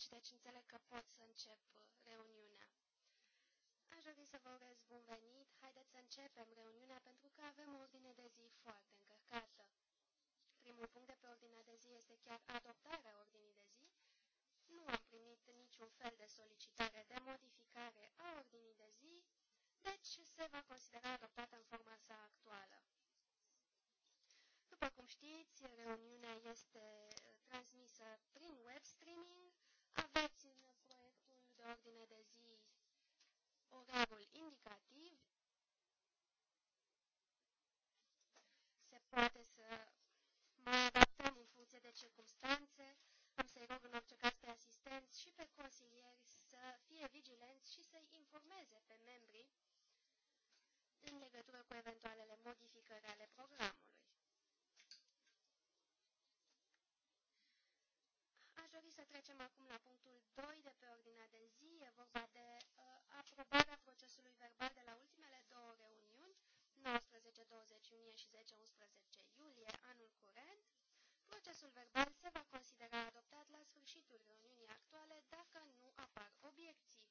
colegi, deci înțeleg că pot să încep uh, reuniunea. Aș dori să vă urez bun venit. Haideți să începem reuniunea pentru că avem o ordine de zi foarte încărcată. Primul punct de pe ordinea de zi este chiar adoptarea ordinii de zi. Nu am primit niciun fel de solicitare de modificare a ordinii de zi, deci se va considera adoptată în forma sa actuală. După cum știți, reuniunea este uh, transmisă prin web streaming aveți în proiectul de ordine de zi orarul indicativ. Se poate să mai adaptăm în funcție de circunstanțe. Am să-i rog în orice caz pe asistenți și pe consilieri să fie vigilenți și să-i informeze pe membrii în legătură cu eventualele modificări ale programului. să trecem acum la punctul 2 de pe ordinea de zi. E vorba de uh, aprobarea procesului verbal de la ultimele două reuniuni, 19-20 iunie și 10-11 iulie, anul curent. Procesul verbal se va considera adoptat la sfârșitul reuniunii actuale dacă nu apar obiecții.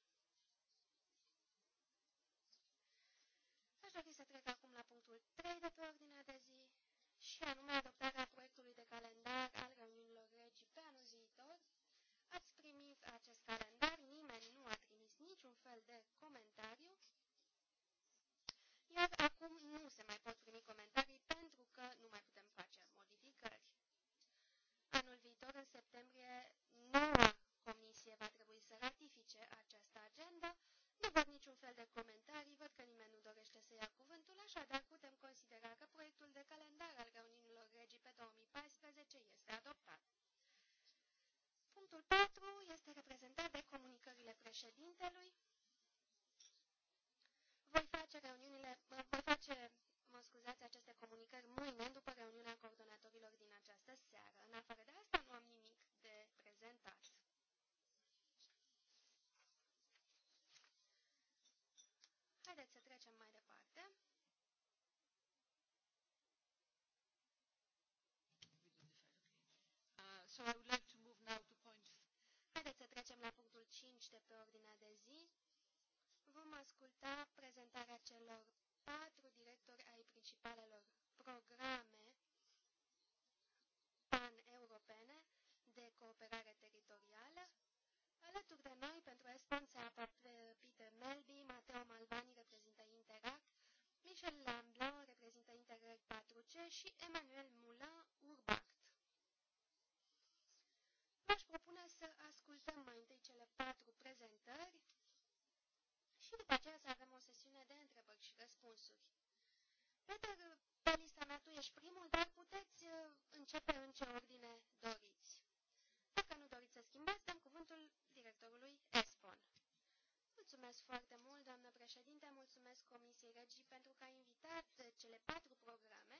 Aș dori să trec acum la punctul 3 de pe ordinea de zi și anume adoptarea proiectului de calendar al reuniunii fel de comentariu, iar acum nu se mai pot primi comentarii pentru că nu mai putem face modificări. Anul viitor, în septembrie, noua comisie va trebui să ratifice această agendă. Nu văd niciun fel de comentarii, văd că nimeni nu dorește să ia cuvântul, așadar putem considera că proiectul de calendar al reuniunilor regii pe 2014 este adoptat. Punctul 4 este reprezentat de comunicările președintelui face reuniunile, voi face, mă scuzați, aceste comunicări mâine, după reuniunea coordonatorilor din această seară. În afară de asta nu am nimic de prezentat. Haideți să trecem mai departe. Uh, Haideți să trecem la punctul 5 de pe ordinea de zi vom asculta prezentarea celor patru directori ai principalelor programe pan-europene de cooperare teritorială. Alături de noi, pentru Espan, se află Peter Melby, Mateo Malvani reprezintă Interact, Michel Lamblon reprezintă Interreg 4C și Emmanuel Moulin Urbact. V-aș propune să ascultăm mai întâi cele patru prezentări și după aceea să avem o sesiune de întrebări și răspunsuri. Peter, pe lista mea tu ești primul, dar puteți uh, începe în ce ordine doriți. Dacă nu doriți să schimbați, dăm cuvântul directorului ESPON. Mulțumesc foarte mult, doamnă președinte, mulțumesc Comisiei Regii pentru că a invitat uh, cele patru programe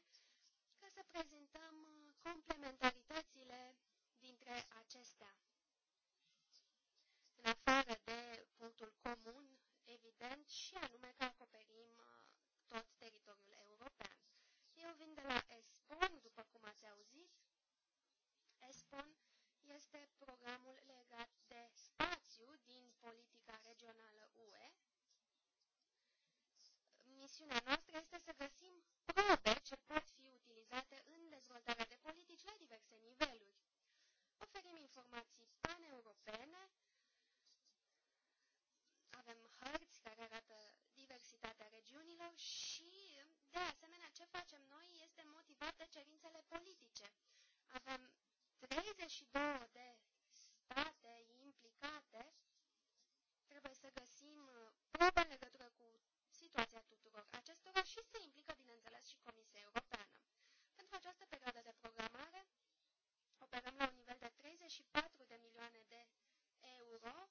ca să prezentăm uh, complementaritățile dintre acestea. În afară de punctul comun evident, și anume că acoperim uh, tot teritoriul european. Eu vin de la ESPON, după cum ați auzit. ESPON este programul legat de spațiu din politica regională UE. Misiunea noastră este să găsim probe ce pot fi utilizate în dezvoltarea de politici la diverse niveluri. Oferim informații paneuropene, și, de asemenea, ce facem noi este motivat de cerințele politice. Avem 32 de state implicate, trebuie să găsim uh, probe în legătură cu situația tuturor acestora și se implică, bineînțeles, și Comisia Europeană. Pentru această perioadă de programare, operăm la un nivel de 34 de milioane de euro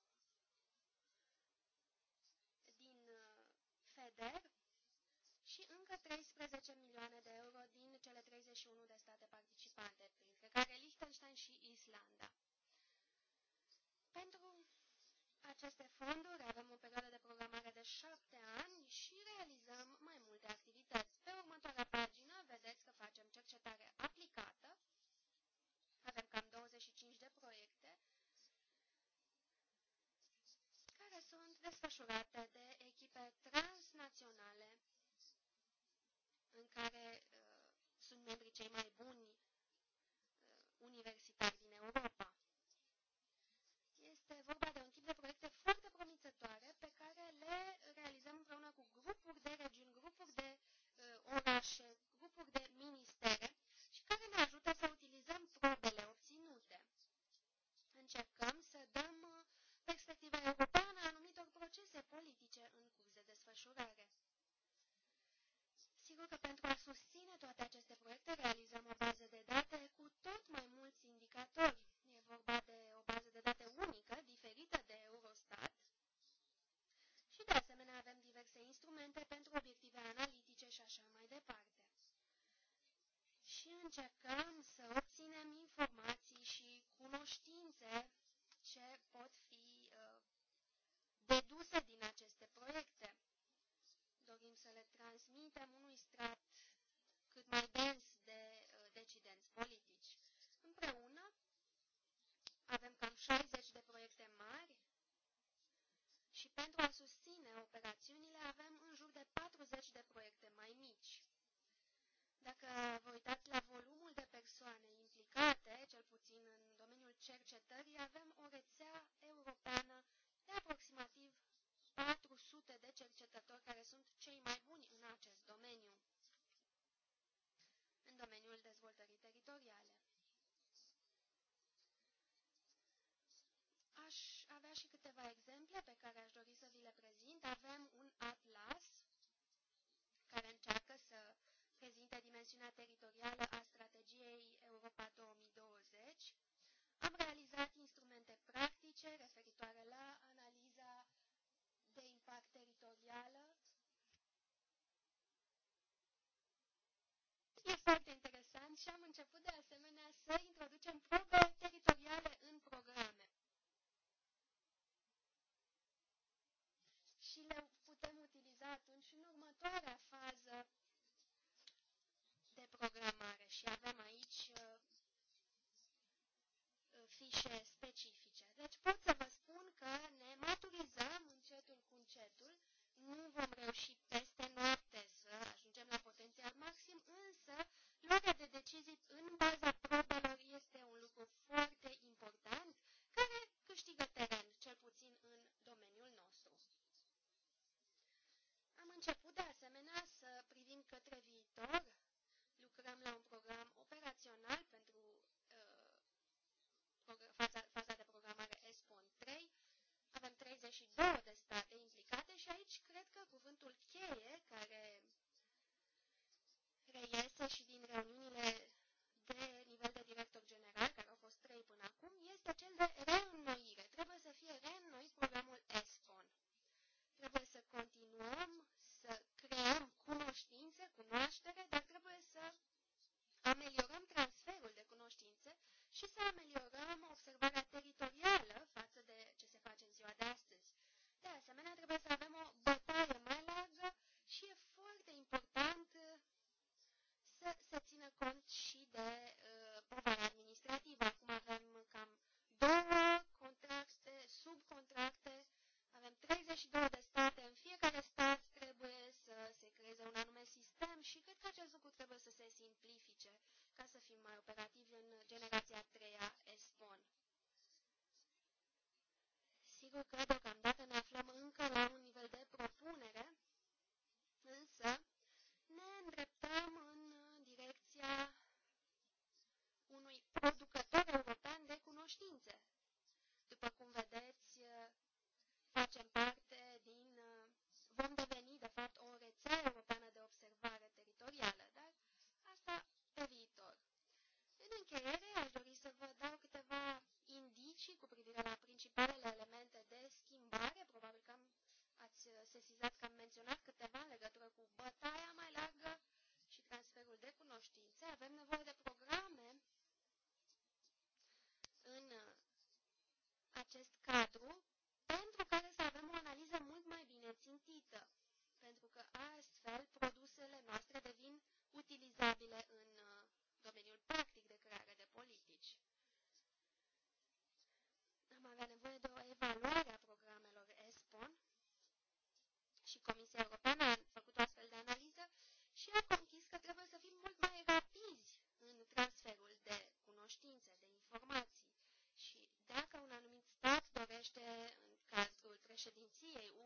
din uh, FEDER încă 13 milioane de euro din cele 31 de state participante, printre care Liechtenstein și Islanda. Pentru aceste fonduri avem o perioadă de programare de 7 ani și realizăm mai multe activități. Pe următoarea pagină vedeți că facem cercetare aplicată, avem cam 25 de proiecte care sunt desfășurate de echipe transnaționale în care uh, sunt membrii cei mai buni uh, universitari din Europa. Este vorba de un tip de proiecte foarte promițătoare pe care le realizăm împreună cu grupuri de regiuni, grupuri de uh, orașe, grupuri de ministere și care ne ajută să utilizăm probele obținute. Încercăm să dăm uh, perspectiva europeană anumitor procese politice în curs de desfășurare sigur că pentru a susține toate aceste proiecte realizăm o mici uh, uh, fișe specifice. Deci pot să vă spun că ne maturizăm încetul cu încetul, nu vom reuși cred președinției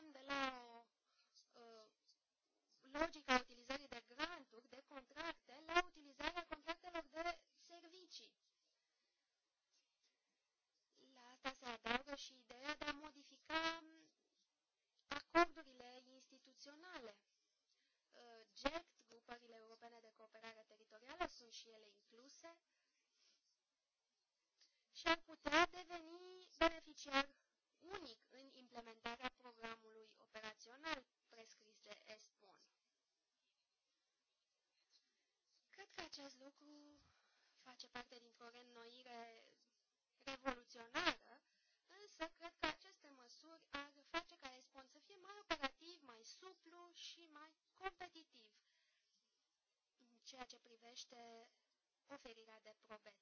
trecem de la o uh, logică a utilizării de granturi, de contracte, la utilizarea contractelor de servicii. La asta se adaugă și ideea de a modifica um, acordurile instituționale. Uh, GECT, grupările europene de cooperare teritorială, sunt și ele incluse și ar putea deveni beneficiar revoluționară, însă cred că aceste măsuri ar face ca Respond să fie mai operativ, mai suplu și mai competitiv în ceea ce privește oferirea de probe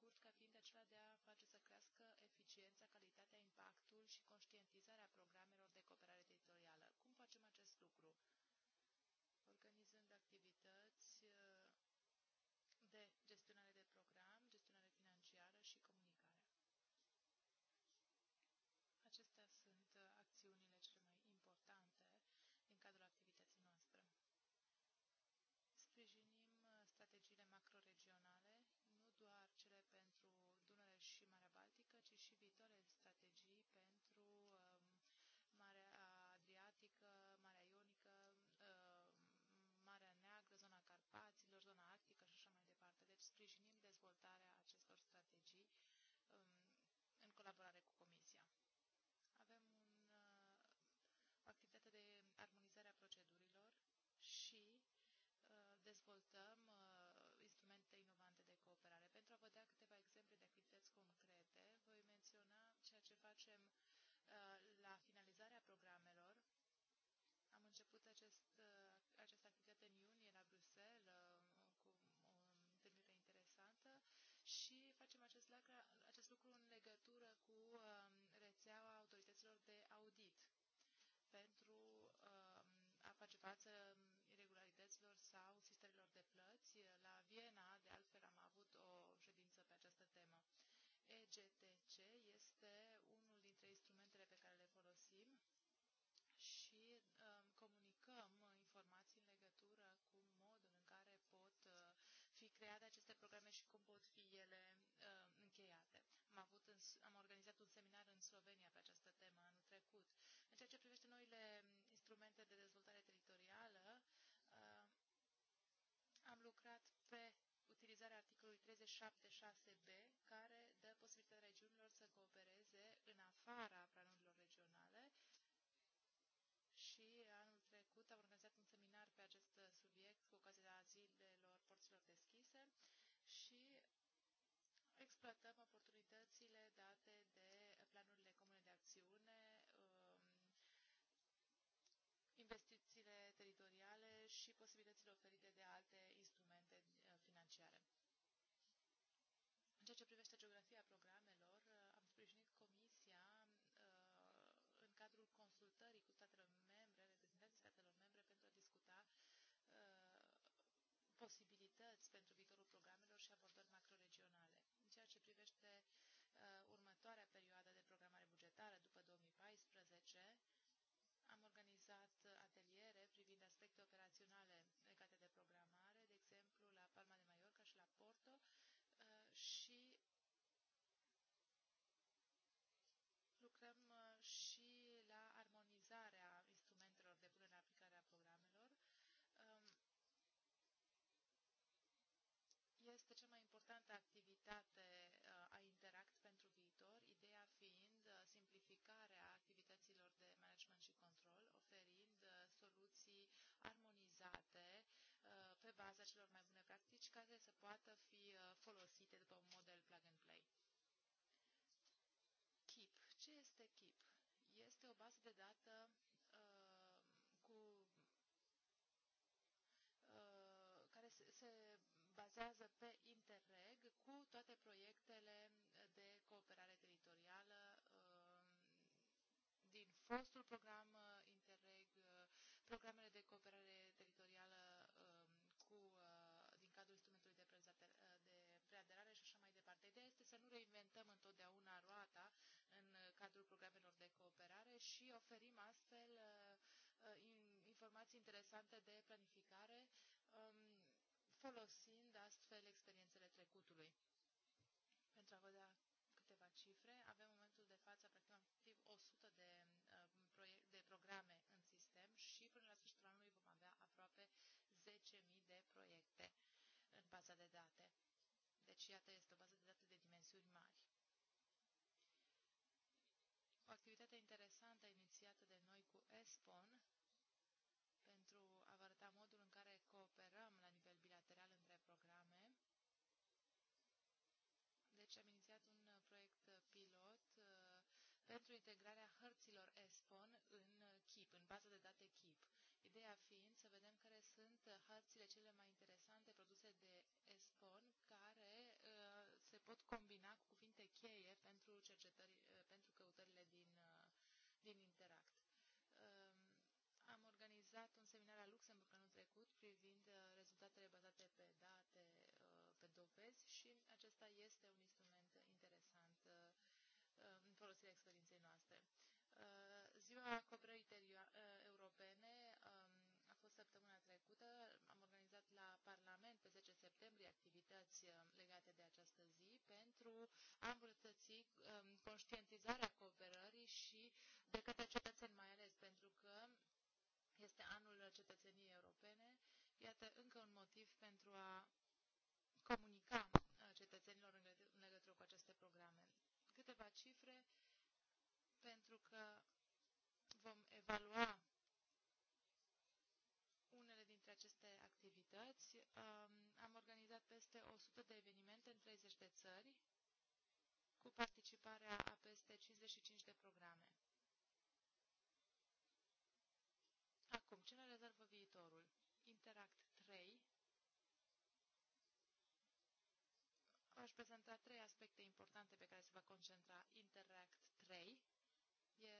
prezentat pe scurt ca fiind acela de a face să crească eficiența, calitatea, impactul și conștientizarea programelor dezvoltăm uh, instrumente inovante de cooperare. Pentru a vă da câteva exemple de activități concrete, voi menționa ceea ce facem uh, la finalizarea programelor. Am început acest, uh, această activitate în iunie la Bruxelles, uh, o întâlnire interesantă, și facem acest, lacra, acest lucru în legătură cu uh, rețeaua autorităților de audit pentru uh, a face față um, irregularităților sau sistemului Viena, de altfel, am avut o ședință pe această temă. EGTC este unul dintre instrumentele pe care le folosim și um, comunicăm informații în legătură cu modul în care pot uh, fi create aceste programe și cum pot fi ele uh, încheiate. Am, avut în, am organizat un seminar în Slovenia pe această 7.6b, care dă posibilitatea regiunilor să coopereze în afara planurilor regionale și anul trecut am organizat un seminar pe acest subiect cu ocazia zilelor porților deschise și exploatăm oportunitățile date de planurile comune de acțiune, um, investițiile teritoriale și posibilitățile oferite de alte cadrul consultării cu statele membre, reprezentanții statelor membre, pentru a discuta uh, posibilități pentru viitorul programelor și abordări macroregionale. În ceea ce privește uh, următoarea perioadă de programare bugetară după 2014, am organizat ateliere privind aspecte operaționale legate de programare, de exemplu la Palma de Mallorca și la Porto, este cea mai importantă activitate uh, a Interact pentru viitor, ideea fiind uh, simplificarea activităților de management și control, oferind uh, soluții armonizate pe baza celor mai bune practici care să poată fi folosite după un model plug and play. KIP. Ce este KIP? Este o bază de dată bazează pe Interreg cu toate proiectele de cooperare teritorială um, din fostul program uh, Interreg, uh, programele de cooperare teritorială um, cu, uh, din cadrul instrumentului de, de preaderare și așa mai departe. Ideea este să nu reinventăm întotdeauna roata în cadrul programelor de cooperare și oferim astfel informații interesante de planificare um, folosind astfel experiențele trecutului. Pentru a vedea câteva cifre, avem în momentul de față aproximativ 100 de, uh, de programe în sistem și până la sfârșitul anului vom avea aproape 10.000 de proiecte în baza de date. Deci, iată, este o bază de date de dimensiuni mari. O activitate interesantă inițiată de noi cu ESPON 2014 deci am inițiat un uh, proiect uh, pilot uh, pentru integrarea hărților ESPON în KIP, în bază de date KIP. Ideea fiind să vedem care sunt hărțile cele mai interesante produse de ESPON care uh, se pot combina cu cuvinte cheie pentru, cercetări, uh, pentru căutările din, uh, din Interact. Um, am organizat un seminar la Luxemburg anul trecut privind rezultatele bazate pe date dovezi și acesta este un instrument interesant uh, uh, în folosirea experienței noastre. Uh, ziua Cooperării Europene um, a fost săptămâna trecută. Am organizat la Parlament pe 10 septembrie activități legate de această zi pentru a îmbunătăți um, conștientizarea cooperării și de către cetățeni mai ales, pentru că este anul cetățeniei europene. Iată încă un motiv pentru a comunica uh, cetățenilor în legătură cu aceste programe. Câteva cifre, pentru că vom evalua unele dintre aceste activități. Um, am organizat peste 100 de evenimente în 30 de țări, cu participarea a peste 55 de programe. Acum, ce ne rezervă viitorul? Interact aș prezenta trei aspecte importante pe care se va concentra Interact 3. E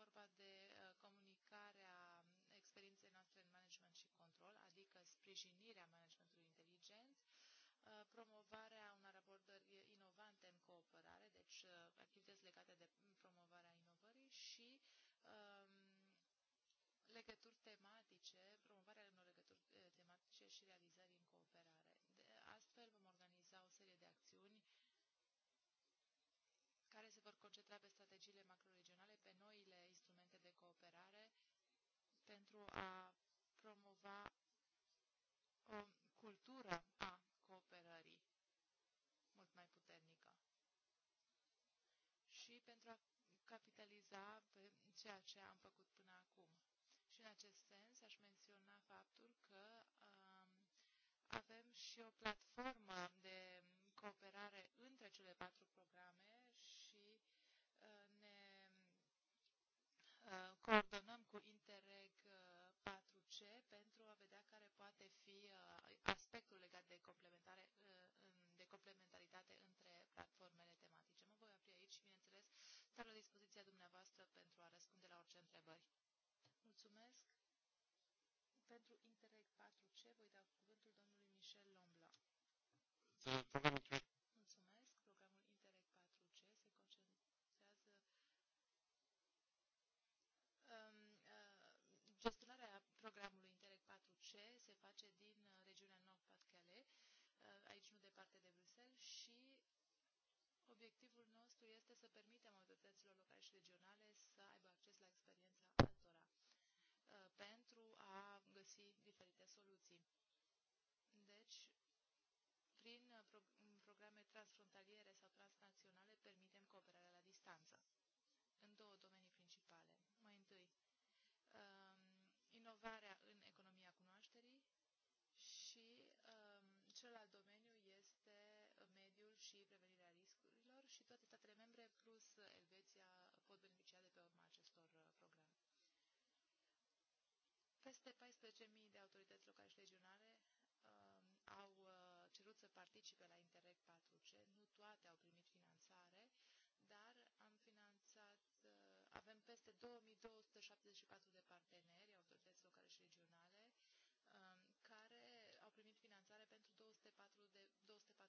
vorba de uh, comunicarea experienței noastre în management și control, adică sprijinirea managementului inteligent, uh, promovarea unor abordări inovante în cooperare, deci uh, activități legate de promovarea inovării și um, legături tematice, promovarea unor concentrat pe strategiile macroregionale, pe noile instrumente de cooperare, pentru a promova o cultură a cooperării mult mai puternică și pentru a capitaliza pe ceea ce am făcut până acum. Și în acest sens aș menționa faptul că um, avem și o platformă de cooperare între cele patru programe coordonăm cu Interreg 4C uh, pentru a vedea care poate fi uh, aspectul legat de, complementare, uh, de complementaritate între platformele tematice. Mă voi opri aici și, bineînțeles, stau la dispoziția dumneavoastră pentru a răspunde la orice întrebări. Mulțumesc! Pentru Interreg 4C voi da cuvântul domnului Michel Lombla. departe de Bruxelles și obiectivul nostru este să permitem autorităților locale și regionale să aibă acces la experiența altora uh, pentru a găsi diferite soluții. Deci, prin uh, programe transfrontaliere sau transnaționale, permitem cooperarea la distanță în două domenii principale. Mai întâi, um, inovarea în Plus, uh, Elveția pot beneficia de pe urma acestor uh, programe. Peste 14.000 de autorități locale și regionale uh, au uh, cerut să participe la Interreg 4C. Nu toate au primit finanțare, dar am finanțat, uh, avem peste 2274 de parteneri, autorități locale și regionale, um, care au primit finanțare pentru 204, de, 204 proiecte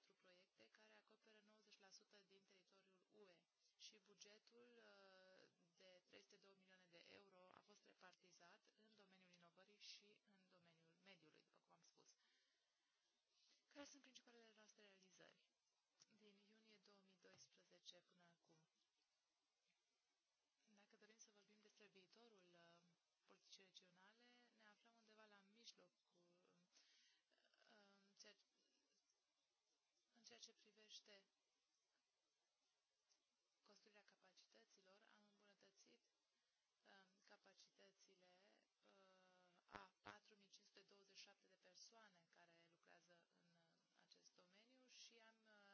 care acoperă 90% din teritoriul UE și bugetul uh, de 302 milioane de euro a fost repartizat în domeniul inovării și în domeniul mediului, după cum am spus. Care sunt principalele noastre realizări din iunie 2012 până acum? Dacă dorim să vorbim despre viitorul uh, politicii regionale, ne aflăm undeva la mijlocul uh, în ceea ce privește persoane care lucrează în uh, acest domeniu și am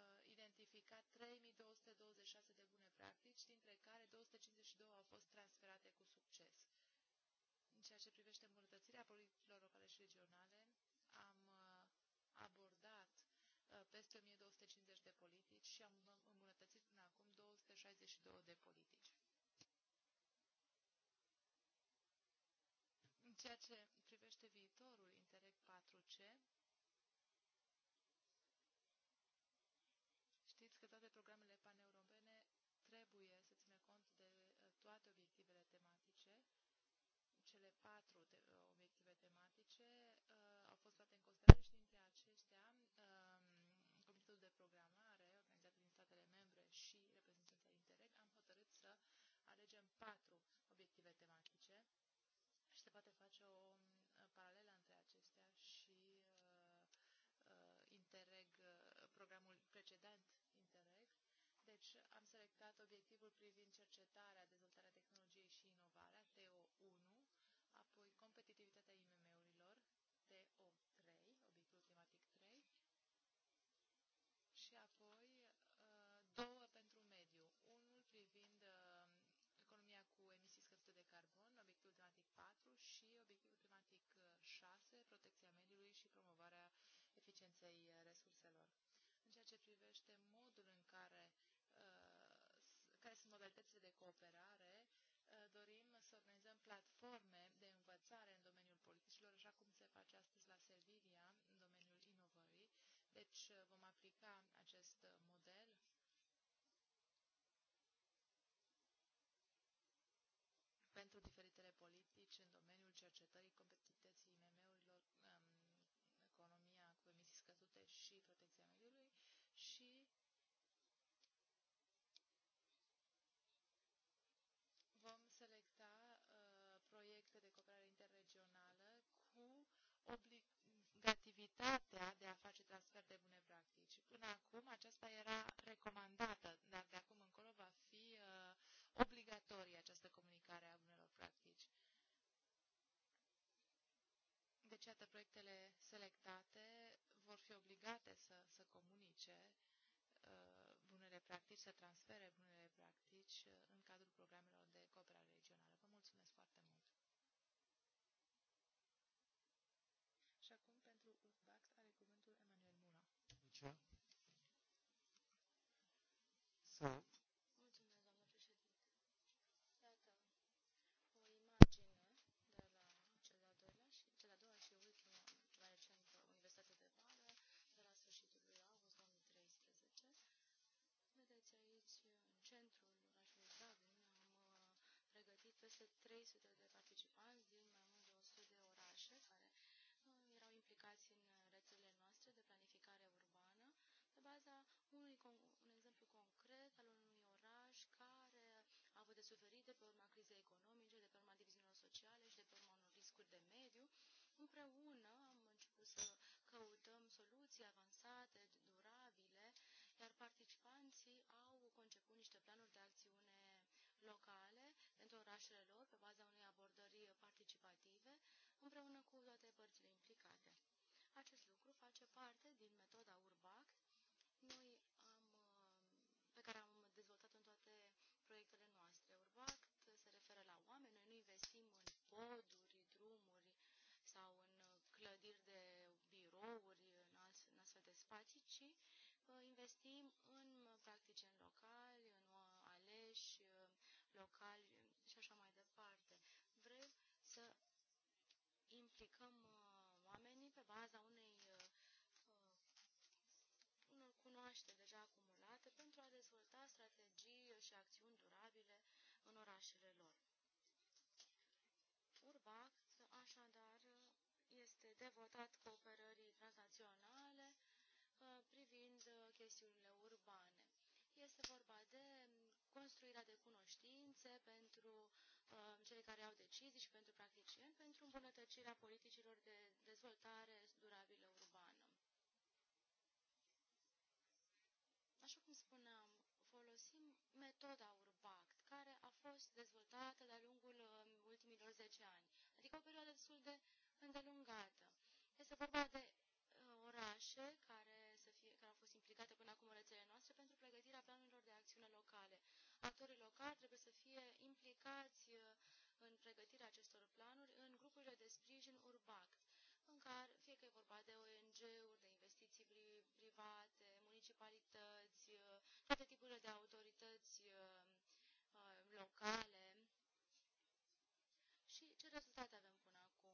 uh, uh, identificat 3226 de bune practici, dintre care 252 au fost transferate cu succes. În ceea ce privește îmbunătățirea politicilor locale și regionale, am abordat peste 1250 de politici și am îmbunătățit până acum 262 de politici. În ceea ce toate obiectivele tematice. Cele patru te uh, obiective tematice uh, au fost luate în considerare și dintre acestea uh, Comitetul de Programare, organizat din statele membre și reprezentanții Interreg, am hotărât să alegem patru obiective tematice și se poate face o deci am selectat obiectivul privind cercetarea, dezvoltarea tehnologiei și inovarea, TO1, apoi competitivitatea IMM-urilor, TO3, obiectivul climatic 3, și apoi uh, două pentru mediu, unul privind uh, economia cu emisii scăzute de carbon, obiectivul climatic 4 și obiectivul climatic 6, uh, protecția mediului și promovarea eficienței resurselor. În ceea ce privește modul în care care sunt modalitățile de cooperare, uh, dorim să organizăm platforme de învățare în domeniul politicilor, așa cum se face astăzi la Sevilla, în domeniul inovării. Deci uh, vom aplica acest model obligativitatea de a face transfer de bune practici. Până acum aceasta era recomandată, dar de acum încolo va fi uh, obligatorie această comunicare a bunelor practici. Deci, iată, proiectele selectate vor fi obligate să, să comunice uh, bunele practici, să transfere bunele practici uh, în cadrul programelor de cooperare să Împreună am început să căutăm soluții avansate, durabile, iar participanții au conceput niște planuri de acțiune locale pentru orașele lor pe baza unei abordări participative împreună cu toate părțile implicate. Acest lucru face parte din metoda URBAC. Noi și uh, investim în uh, practici locali, în uh, aleși locali și așa mai departe. Vrem să implicăm oamenii pe baza unei unor cunoaște deja acumulate pentru a dezvolta strategii și acțiuni durabile în orașele lor. Urbac, așadar, este devotat cooperării transnaționale Uh, privind uh, chestiunile urbane. Este vorba de mm, construirea de cunoștințe pentru uh, cei care au decizii și pentru practicieni, pentru îmbunătățirea politicilor de dezvoltare durabilă urbană. Așa cum spuneam, folosim metoda URBACT, care a fost dezvoltată de-a lungul ultimilor 10 ani, adică o perioadă destul de îndelungată. Este vorba de orașe care actorii locali trebuie să fie implicați uh, în pregătirea acestor planuri în grupurile de sprijin urbac, în care, fie că e vorba de ONG-uri, de investiții private, municipalități, uh, toate tipurile de autorități uh, locale. Și ce rezultate avem până acum?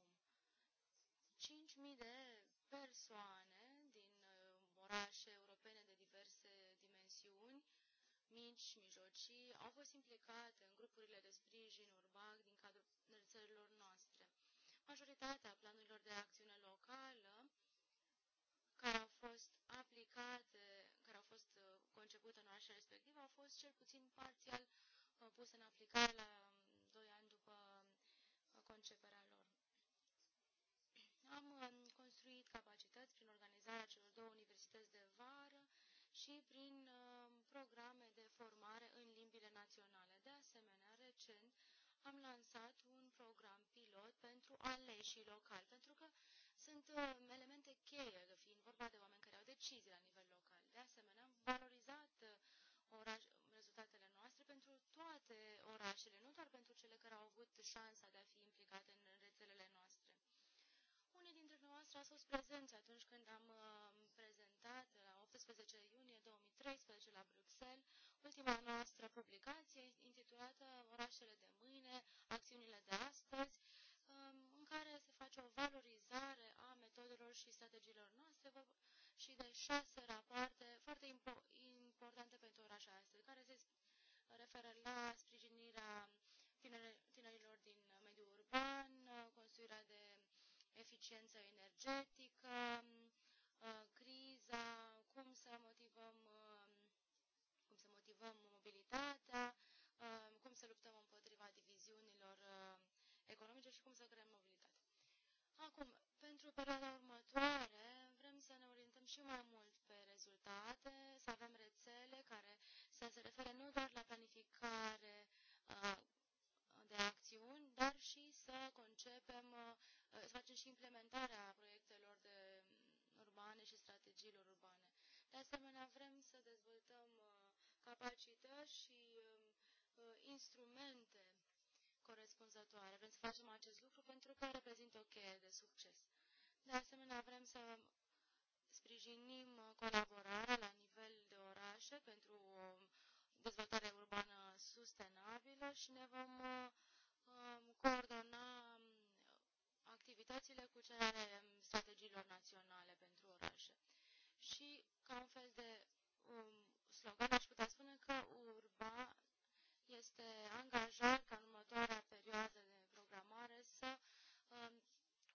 5.000 de persoane din orașe europene de diverse dimensiuni mici, mijlocii, au fost implicate în grupurile de sprijin urban din cadrul țărilor noastre. Majoritatea planurilor de acțiune locală care au fost aplicate, care au fost uh, concepute în orașul respectiv, au fost cel puțin parțial uh, puse în aplicare la um, doi ani după uh, conceperea lor. Am um, construit capacități prin organizarea celor două universități de vară și prin um, programe de formare în limbile naționale. De asemenea, recent am lansat un program pilot pentru aleșii locali, pentru că sunt uh, elemente cheie, fiind vorba de oameni care au decizii la nivel local. De asemenea, am valorizat uh, oraș, rezultatele noastre pentru toate orașele, nu doar pentru cele care au avut șansa de a fi implicate în rețelele noastre. Unii dintre noastre au fost prezenți atunci când am uh, prezentat la 18 iunie 2013 la Bruxelles, ultima noastră publicație intitulată Orașele de mâine, acțiunile de astăzi, um, în care se face o valorizare a metodelor și strategiilor noastre și de șase rapoarte foarte importante pentru orașa astăzi, care se referă la sprijinirea tinerilor din mediul urban, uh, construirea de eficiență energetică, activăm mobilitatea, uh, cum să luptăm împotriva diviziunilor uh, economice și cum să creăm mobilitate. Acum, pentru perioada următoare, vrem să ne orientăm și mai mult pe rezultate, să avem rețele care să se refere nu doar la planificare uh, de acțiuni, dar și să concepem, să facem și implementarea proiectelor de mm, urbane și strategiilor urbane. De asemenea, vrem să dezvoltăm capacități și um, uh, instrumente corespunzătoare. Vrem să facem acest lucru pentru că reprezintă o cheie de succes. De asemenea, vrem să sprijinim uh, colaborarea la nivel de orașe pentru o dezvoltare urbană sustenabilă și ne vom uh, um, coordona um, activitățile cu cele strategiilor naționale pentru orașe. Și ca un fel de um, slogan, aș putea spune că Urba este angajat ca în următoarea perioadă de programare să um,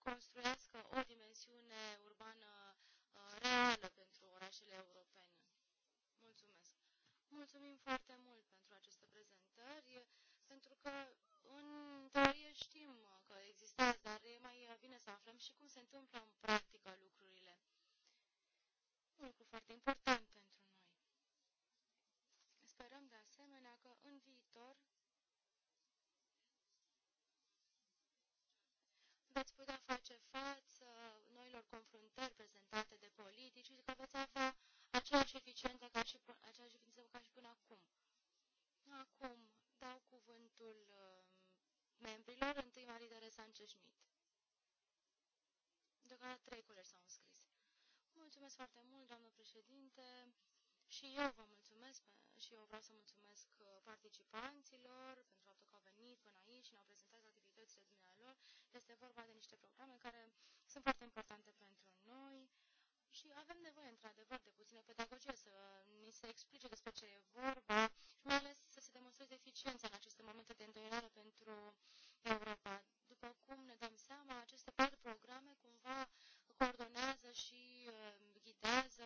construiască o dimensiune urbană uh, reală pentru orașele europene. Mulțumesc! Mulțumim foarte mult pentru aceste prezentări, pentru că în teorie știm că există, dar e mai bine să aflăm și cum se întâmplă în practică lucrurile. Un lucru foarte important pentru veți putea face față noilor confruntări prezentate de politici și că veți avea aceeași eficiență ca și, aceeași eficiență ca și până acum. Acum dau cuvântul um, membrilor, întâi Marie de Sanchez Schmidt. Deocamdată trei colegi s-au înscris. Mulțumesc foarte mult, doamnă președinte. Și eu vă mulțumesc și eu vreau să mulțumesc uh, participanților pentru faptul că au venit până aici și ne-au prezentat activitățile dumnealor. Este vorba de niște programe care sunt foarte importante pentru noi și avem nevoie, într-adevăr, de puțină pedagogie să ni se explice despre ce e vorba și mai ales să se demonstreze eficiența în aceste momente de îndoială pentru Europa. După cum ne dăm seama, aceste patru programe cumva coordonează și uh, ghidează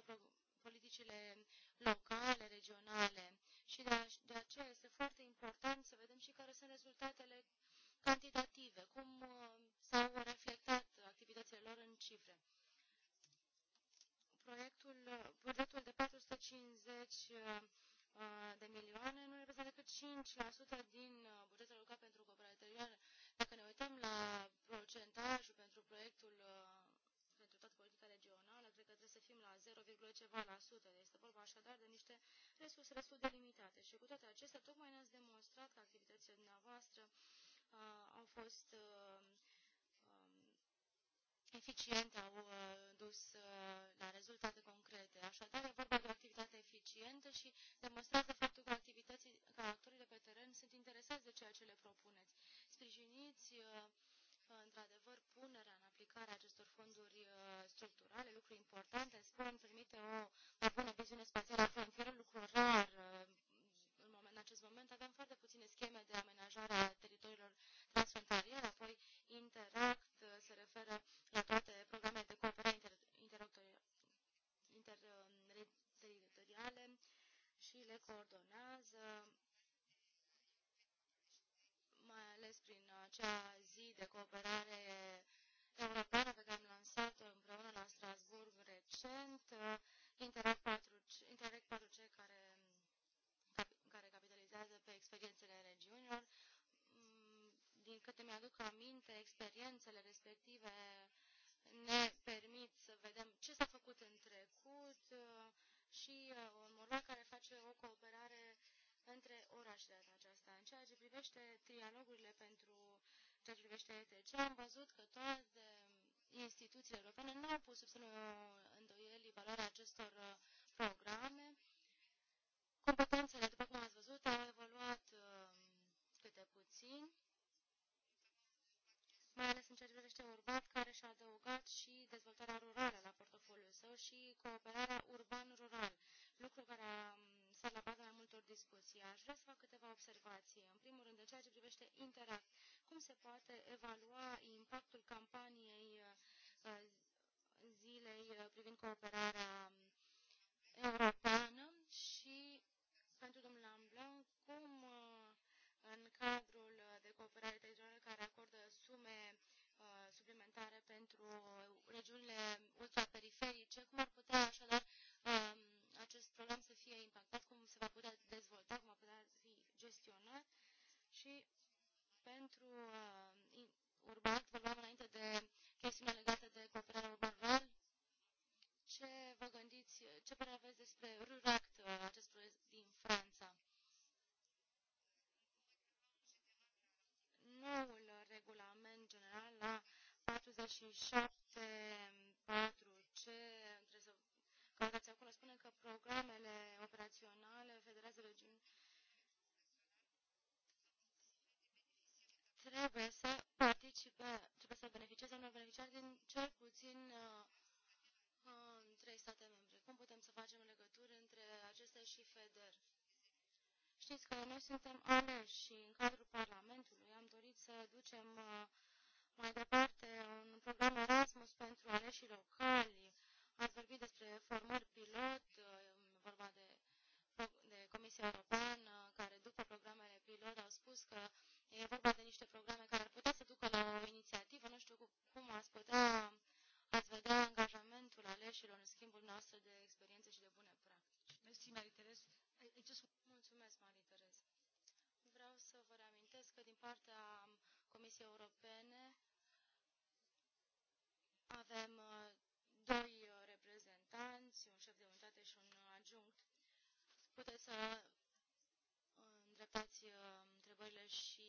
politicile locale, regionale și de, a, de aceea este foarte important să vedem și care sunt rezultatele cantitative, cum uh, s-au reflectat activitățile lor în cifre. Proiectul, uh, bugetul de 450 uh, de milioane nu reprezintă decât 5% din bugetul alocat pentru cooperare Dacă ne uităm la procentajul pentru proiectul ceva la sută. Este vorba așadar de niște resurse destul de limitate și cu toate acestea tocmai ne-ați demonstrat că activitățile dumneavoastră uh, au fost uh, um, eficiente, au uh, dus uh, la rezultate concrete. Așadar, e vorba de o activitate eficientă și demonstrează faptul că activității, că actorii de pe teren sunt interesați de ceea ce le propuneți. Sprijiniți uh, Ă, într-adevăr, punerea în aplicare acestor fonduri ă, structurale, lucruri importante, Espan permite o, bună viziune spațială a frontierelor, lucru rar ă, în, moment, în acest moment. Avem foarte puține scheme de amenajare a teritoriilor transfrontaliere, apoi Interact se referă la toate programele de cooperare interteritoriale și le coordonează, mai ales prin acea de cooperare europeană pe care am lansat-o împreună la Strasburg recent, Interreg 4C, 4C care, care capitalizează pe experiențele regiunilor. Mm, din câte mi-aduc aminte, experiențele respective ne permit să vedem ce s-a făcut în trecut uh, și uh, un model care face o cooperare între orașele aceasta. În ceea ce privește trialogurile pentru ce privește ETC, am văzut că toate instituțiile europene nu au pus sub semnul îndoielii valoarea acestor uh, programe. Competențele, după cum ați văzut, au evoluat uh, câte puțin, mai ales în ceea ce privește urban, care și-a adăugat și dezvoltarea rurală la portofoliul său și cooperarea urban-rural, lucru care a um, stat la baza mai multor discuții. Aș vrea să fac câteva observații. În primul rând, în ceea ce privește Interact, cum se poate evalua impactul campaniei uh, uh, zilei uh, privind cooperarea ce 7.4c, Convenția acolo spune că programele operaționale federează regiuni trebuie să participe, trebuie să beneficieze unor beneficiari din cel puțin uh, uh trei state membre. Cum putem să facem legături între acestea și FEDER? Știți că noi suntem aleși și în cadrul Parlamentului am dorit să ducem uh, mai departe program Erasmus pentru aleșii locali. Ați vorbit despre formări pilot, uh, vorba de, de Comisia Europeană, care după programele pilot au spus că e vorba de niște programe care ar putea să ducă la o inițiativă. Nu știu cum ați putea, ați vedea angajamentul aleșilor în schimbul nostru de experiențe și de bune practici. Mersi, marie Mulțumesc, marie Vreau să vă reamintesc că din partea Comisiei Europene avem uh, doi uh, reprezentanți, un șef de unitate și un uh, adjunct. Puteți să îndreptați întrebările și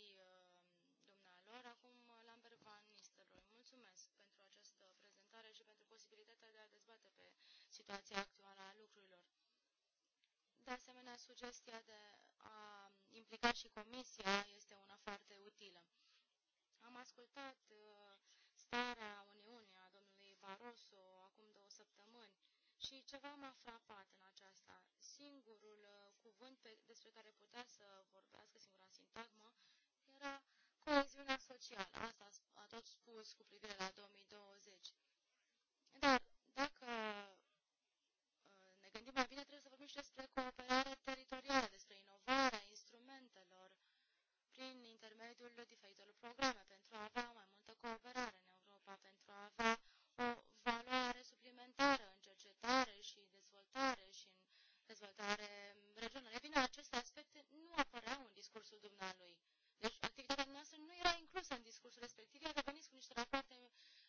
lor. Acum, Lambert Van Nistelrooy, mulțumesc pentru această prezentare și pentru posibilitatea de a dezbate pe situația actuală a lucrurilor. De asemenea, sugestia de a implica și comisia este una foarte utilă. Am ascultat starea unei Barroso acum două săptămâni și ceva m-a frapat în aceasta. Singurul uh, cuvânt pe, despre care putea să vorbească, singura sintagmă, era coeziunea socială. Asta a tot spus cu privire la 2020. Dar dacă uh, ne gândim mai bine, trebuie să vorbim și despre cooperarea teritorială, despre inovarea instrumentelor prin intermediul diferitelor programe pentru a dezvoltare și în dezvoltare regională. E bine, aceste aspecte nu apăreau în discursul dumnealui. Deci activitatea noastră nu era inclusă în discursul respectiv, Iată, veniți cu niște rapoarte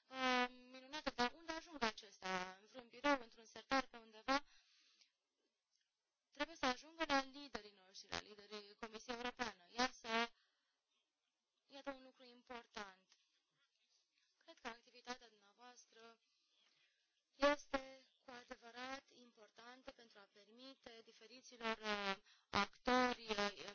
uh, minunate, dar unde ajung acestea? Într-un birou, într-un sertar, pe undeva? Trebuie să ajungă la liderii noștri, la liderii Comisiei Europeană. Iar să... Iată un lucru important. diferiților uh, actori uh,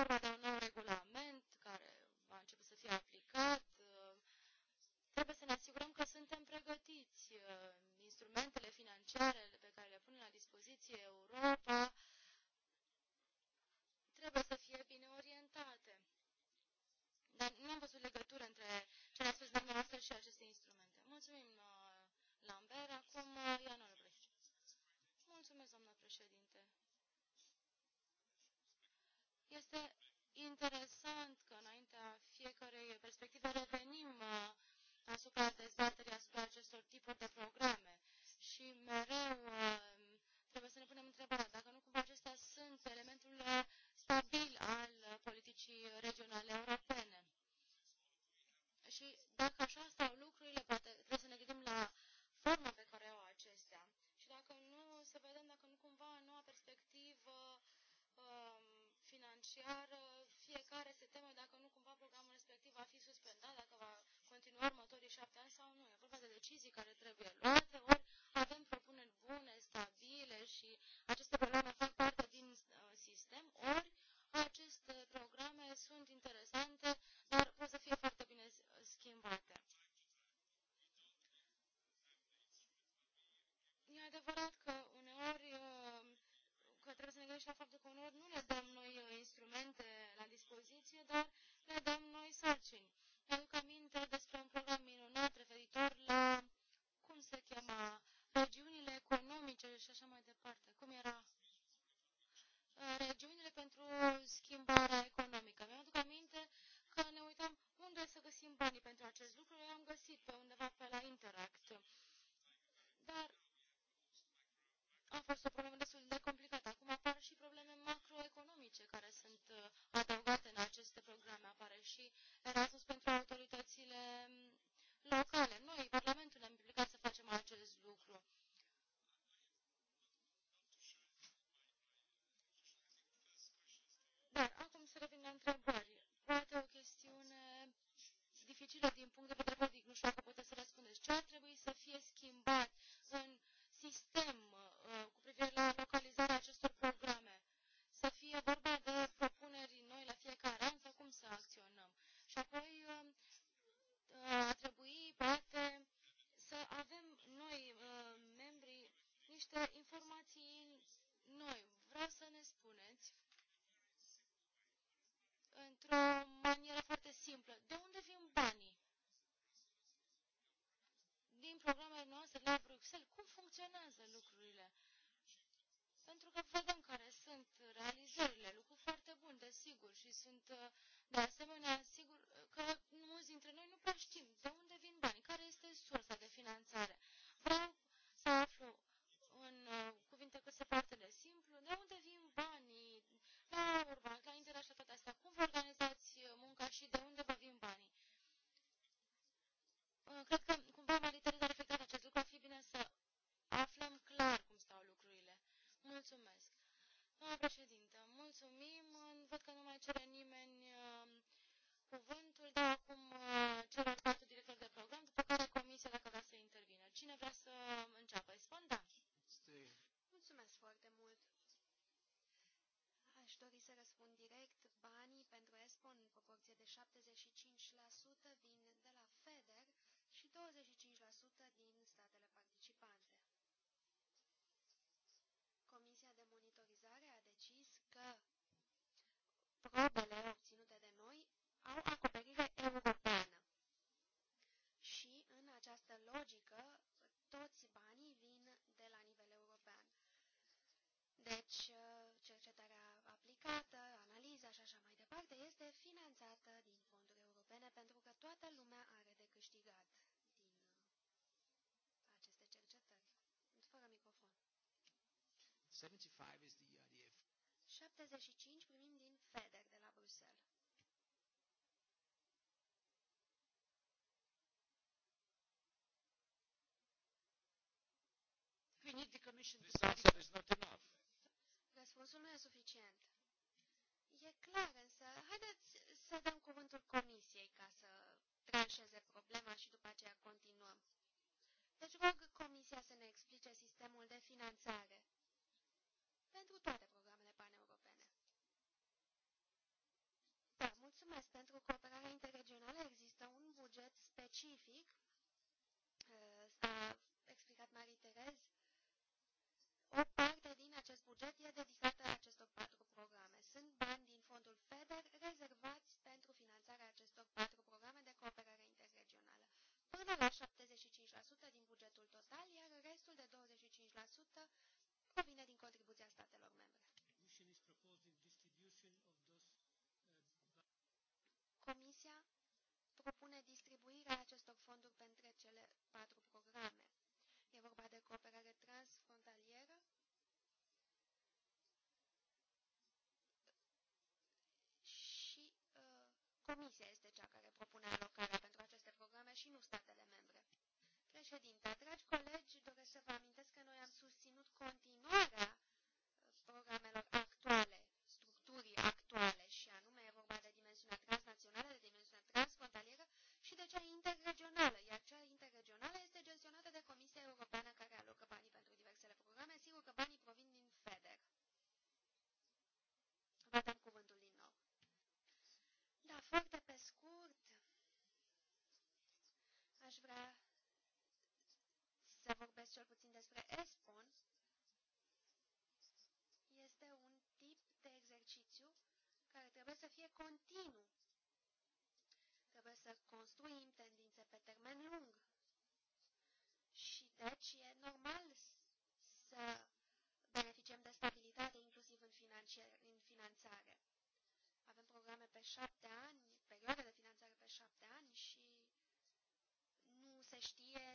vorba de un nou regulament care va începe să fie aplicat. Uh, trebuie să ne asigurăm că suntem pregătiți. Uh, instrumentele financiare pentru că vă 75 is the ERDF. 75 primim din FEDER de la Bruxelles. We need the Commission to Comisia este cea care propune alocarea pentru aceste programe și nu statele membre. Președinte, cel puțin despre ESPON, este un tip de exercițiu care trebuie să fie continuu. Trebuie să construim tendințe pe termen lung. Și deci e normal să beneficiem de stabilitate inclusiv în, în finanțare. Avem programe pe șapte ani, perioade de finanțare pe șapte ani și nu se știe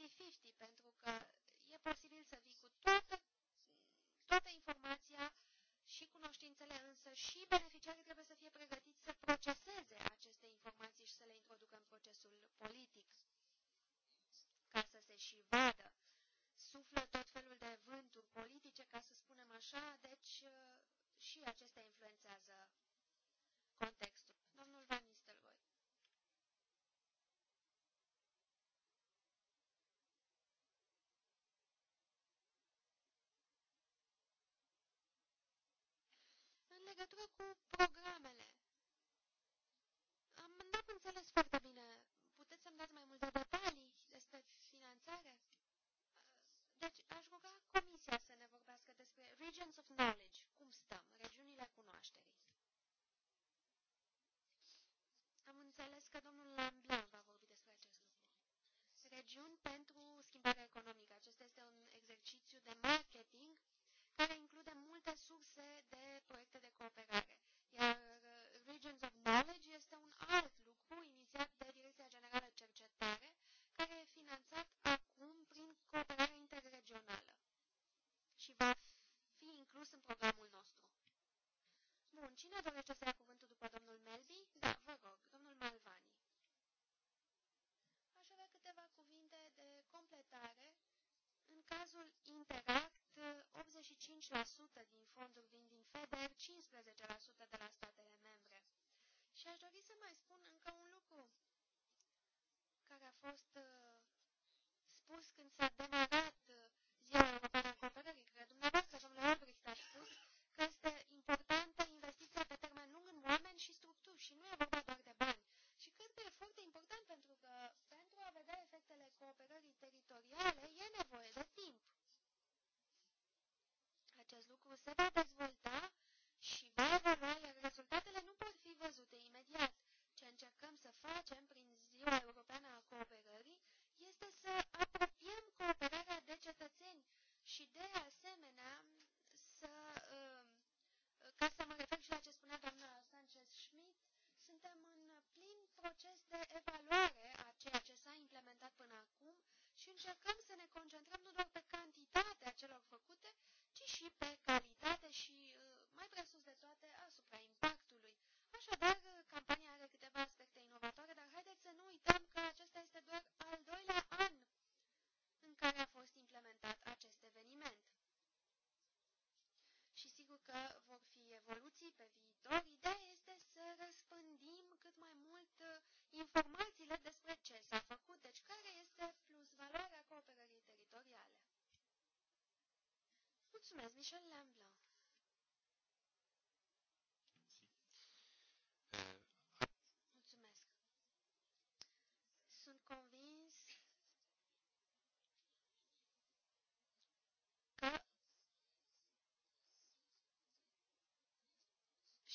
50-50, pentru că e posibil să vii cu toată, toată informația și cunoștințele, însă și beneficiarii trebuie să fie pregătiți să proceseze aceste informații și să le introducă în procesul politic, ca să se și vadă. Suflă tot felul de vânturi politice, ca să spunem așa, deci uh, și aceste regiuni pentru cinste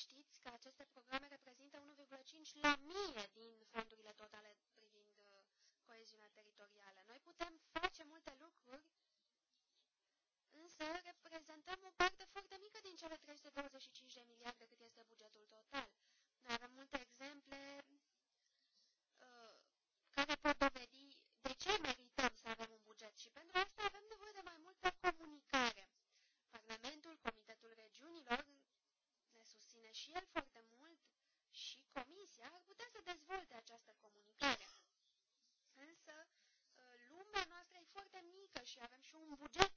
știți că aceste programe reprezintă 1,5 la mie din fondurile totale privind uh, coeziunea teritorială. Noi putem face multe lucruri, însă reprezentăm o parte foarte mică din cele 325 de miliarde cât este bugetul total. Noi avem multe exemple uh, care pot dovedi un buget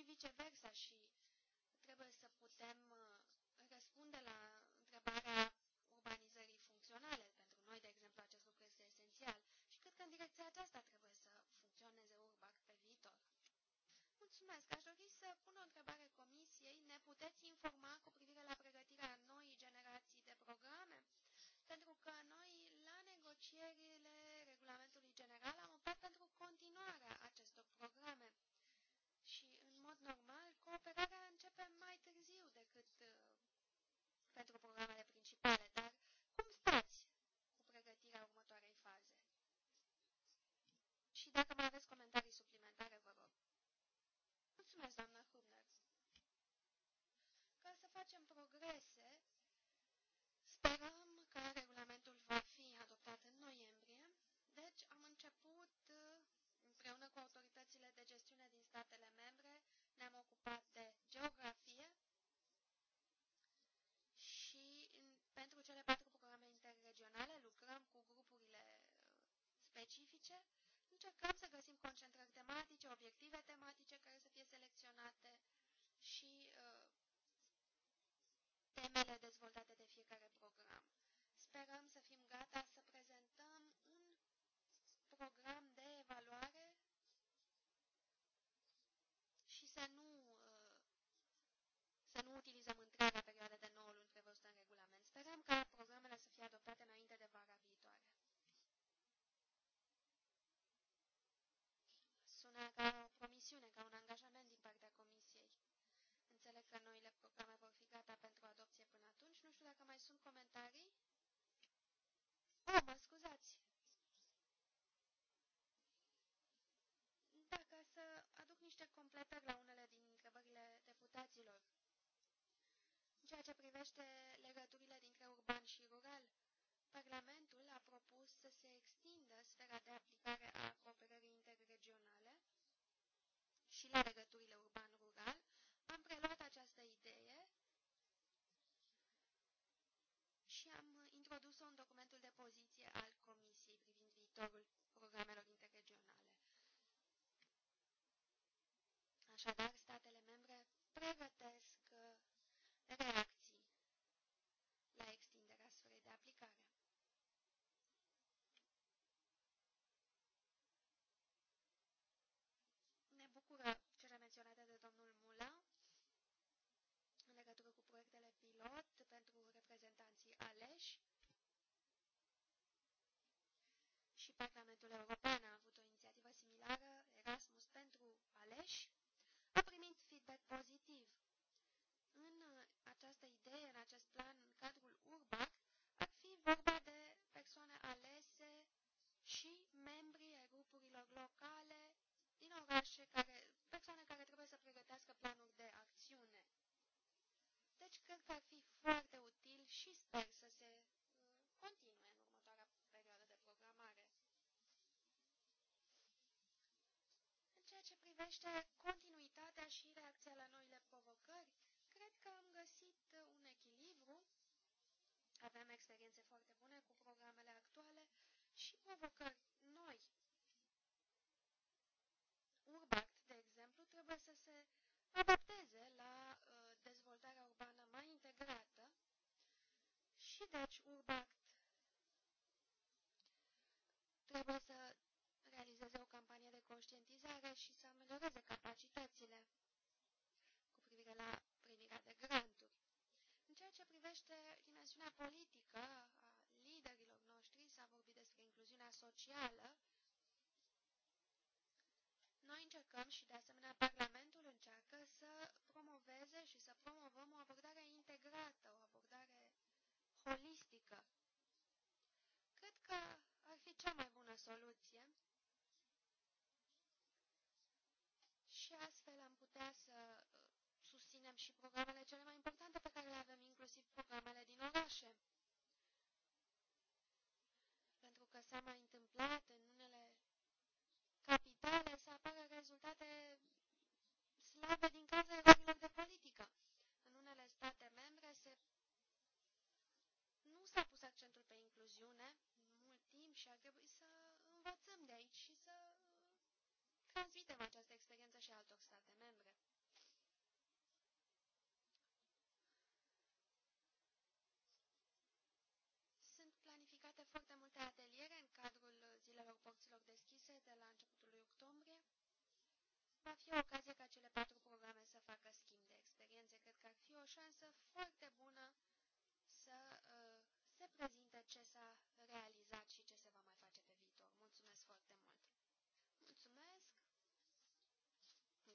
și viceversa. acțiune, ca Așadar, statele membre pregătesc uh, reacții la extinderea sferei de aplicare. Ne bucură cele menționate de domnul Mula în legătură cu proiectele pilot pentru reprezentanții aleși și Parlamentul European structurilor locale din orașe, care, persoane care trebuie să pregătească planuri de acțiune. Deci, cred că ar fi foarte util și sper să se uh, continue în următoarea perioadă de programare. În ceea ce privește continuitatea și reacția la noile provocări, cred că am găsit uh, un echilibru. Avem experiențe foarte bune cu programele actuale și provocări noi trebuie să se adapteze la uh, dezvoltarea urbană mai integrată și deci Urbact trebuie să realizeze o campanie de conștientizare și să amelioreze capacitățile cu privire la primirea de granturi. În ceea ce privește dimensiunea politică a liderilor noștri, s-a vorbit despre incluziunea socială, încercăm și de asemenea Parlamentul încearcă să promoveze și să promovăm o abordare integrată, o abordare holistică. Cred că ar fi cea mai bună soluție și astfel am putea să uh, susținem și programele cele mai importante pe care le avem, inclusiv programele din orașe. Pentru că s-a mai întâmplat în slabă din cauza erorilor de politică. În unele state membre se... nu s-a pus accentul pe incluziune mult timp și ar trebui să învățăm de aici și să transmitem această experiență și altor state membre. e ocazia ca cele patru programe să facă schimb de experiențe. Cred că ar fi o șansă foarte bună să uh, se prezinte ce s-a realizat și ce se va mai face pe viitor. Mulțumesc foarte mult! Mulțumesc!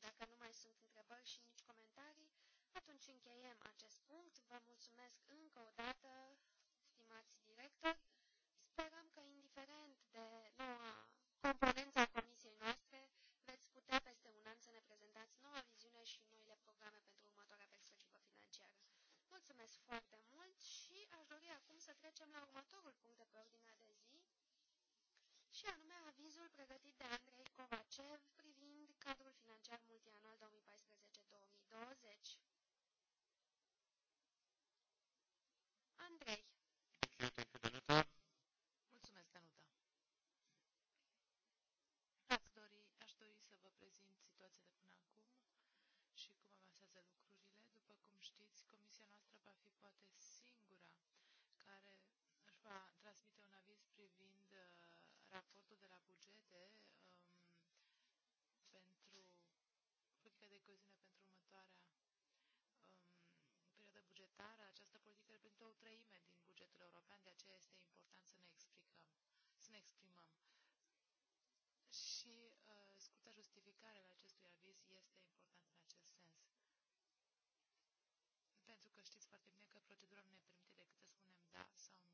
Dacă nu mai sunt întrebări și nici comentarii, atunci încheiem acest punct. Vă mulțumesc încă o dată! Mulțumesc foarte mult și aș dori acum să trecem la următorul punct de pe ordinea de zi, și anume avizul pregătit de Andrei Covacev privind cadrul financiar multianual 2014-2020. Andrei, știți, comisia noastră va fi poate singura care își va transmite un aviz privind uh, raportul de la bugete um, pentru politica de coziune pentru următoarea um, perioadă bugetară. Această politică reprezintă o treime din bugetul european, de aceea este important să ne explicăm, să ne exprimăm. Și uh, scurta justificare la că știți foarte bine că procedura nu ne permite decât să spunem da sau nu.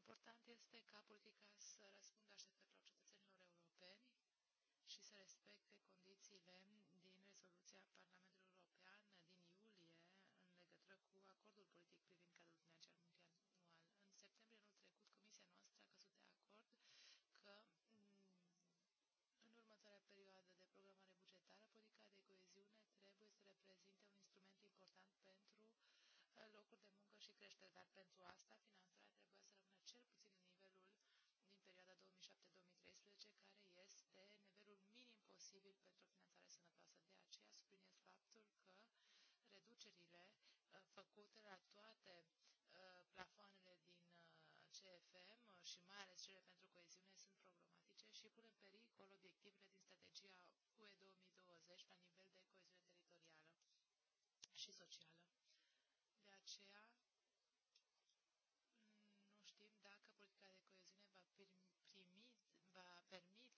Important este ca politica să răspundă așteptărilor cetățenilor europeni și să respecte condițiile din rezoluția Parlamentului European din iulie în legătură cu acordul politic privind cadrul financiar multianual. În septembrie anul trecut, comisia noastră a căzut de acord că în următoarea perioadă de programare bugetară, politica de coeziune trebuie să reprezinte un instrument important pentru uh, locuri de muncă și creștere, dar pentru asta finanțarea trebuie să rămână cel puțin în nivelul din perioada 2007-2013, care este nivelul minim posibil pentru finanțare sănătoasă. De aceea subliniez faptul că reducerile uh, făcute la toate uh, plafoanele din CFM și mai ales cele pentru coeziune sunt problematice și pun în pericol obiectivele din strategia UE 2020 la nivel de coeziune teritorială și socială. De aceea, nu știm dacă politica de coeziune va, primi, va permite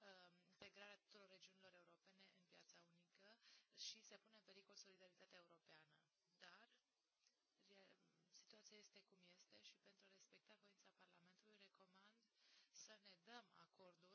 uh, integrarea tuturor regiunilor europene în piața unică și se pune în pericol solidaritatea europeană. Dar situația este cum este și pentru a respecta voința Parlamentului recomand să ne dăm acordul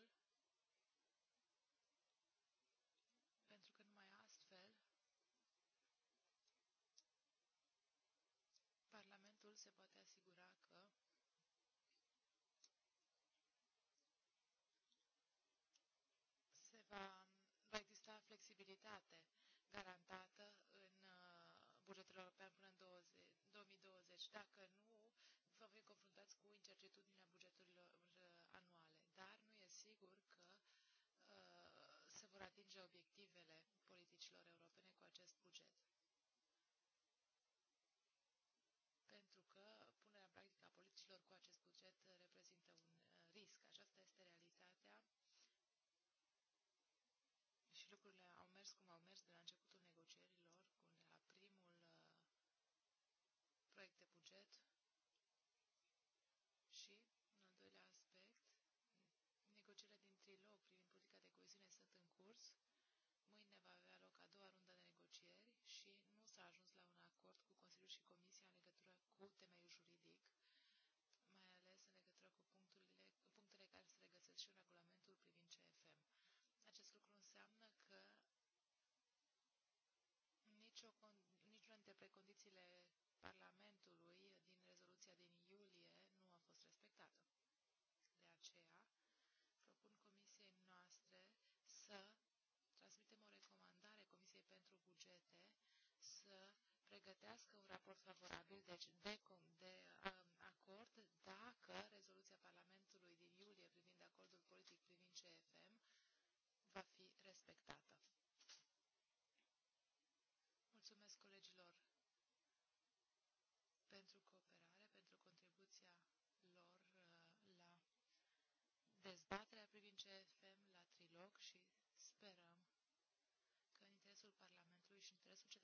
Dacă nu, vă voi confruntați cu incertitudinea bugeturilor uh, anuale. Dar nu e sigur că uh, se vor atinge obiectivele politicilor europene cu acest buget. Pentru că punerea în practică a politicilor cu acest buget uh, reprezintă un uh, risc. Aceasta este realitatea. Și lucrurile au mers cum au mers de la început doua rundă de negocieri și nu s-a ajuns la un acord cu Consiliul și Comisia în legătură cu temeiul juridic, mai ales în legătură cu puncturile, punctele care se regăsesc și în regulamentul privind CFM. Acest lucru înseamnă că nicio, niciuna dintre precondițiile Parlamentului să pregătească un raport favorabil, deci de, de um, acord, dacă rezoluția Parlamentului din iulie privind acordul politic privind CFM va fi respectată. Mulțumesc colegilor pentru cooperare, pentru contribuția lor uh, la dezbaterea privind CFM, la trilog și sperăm că în interesul Parlamentului și în interesul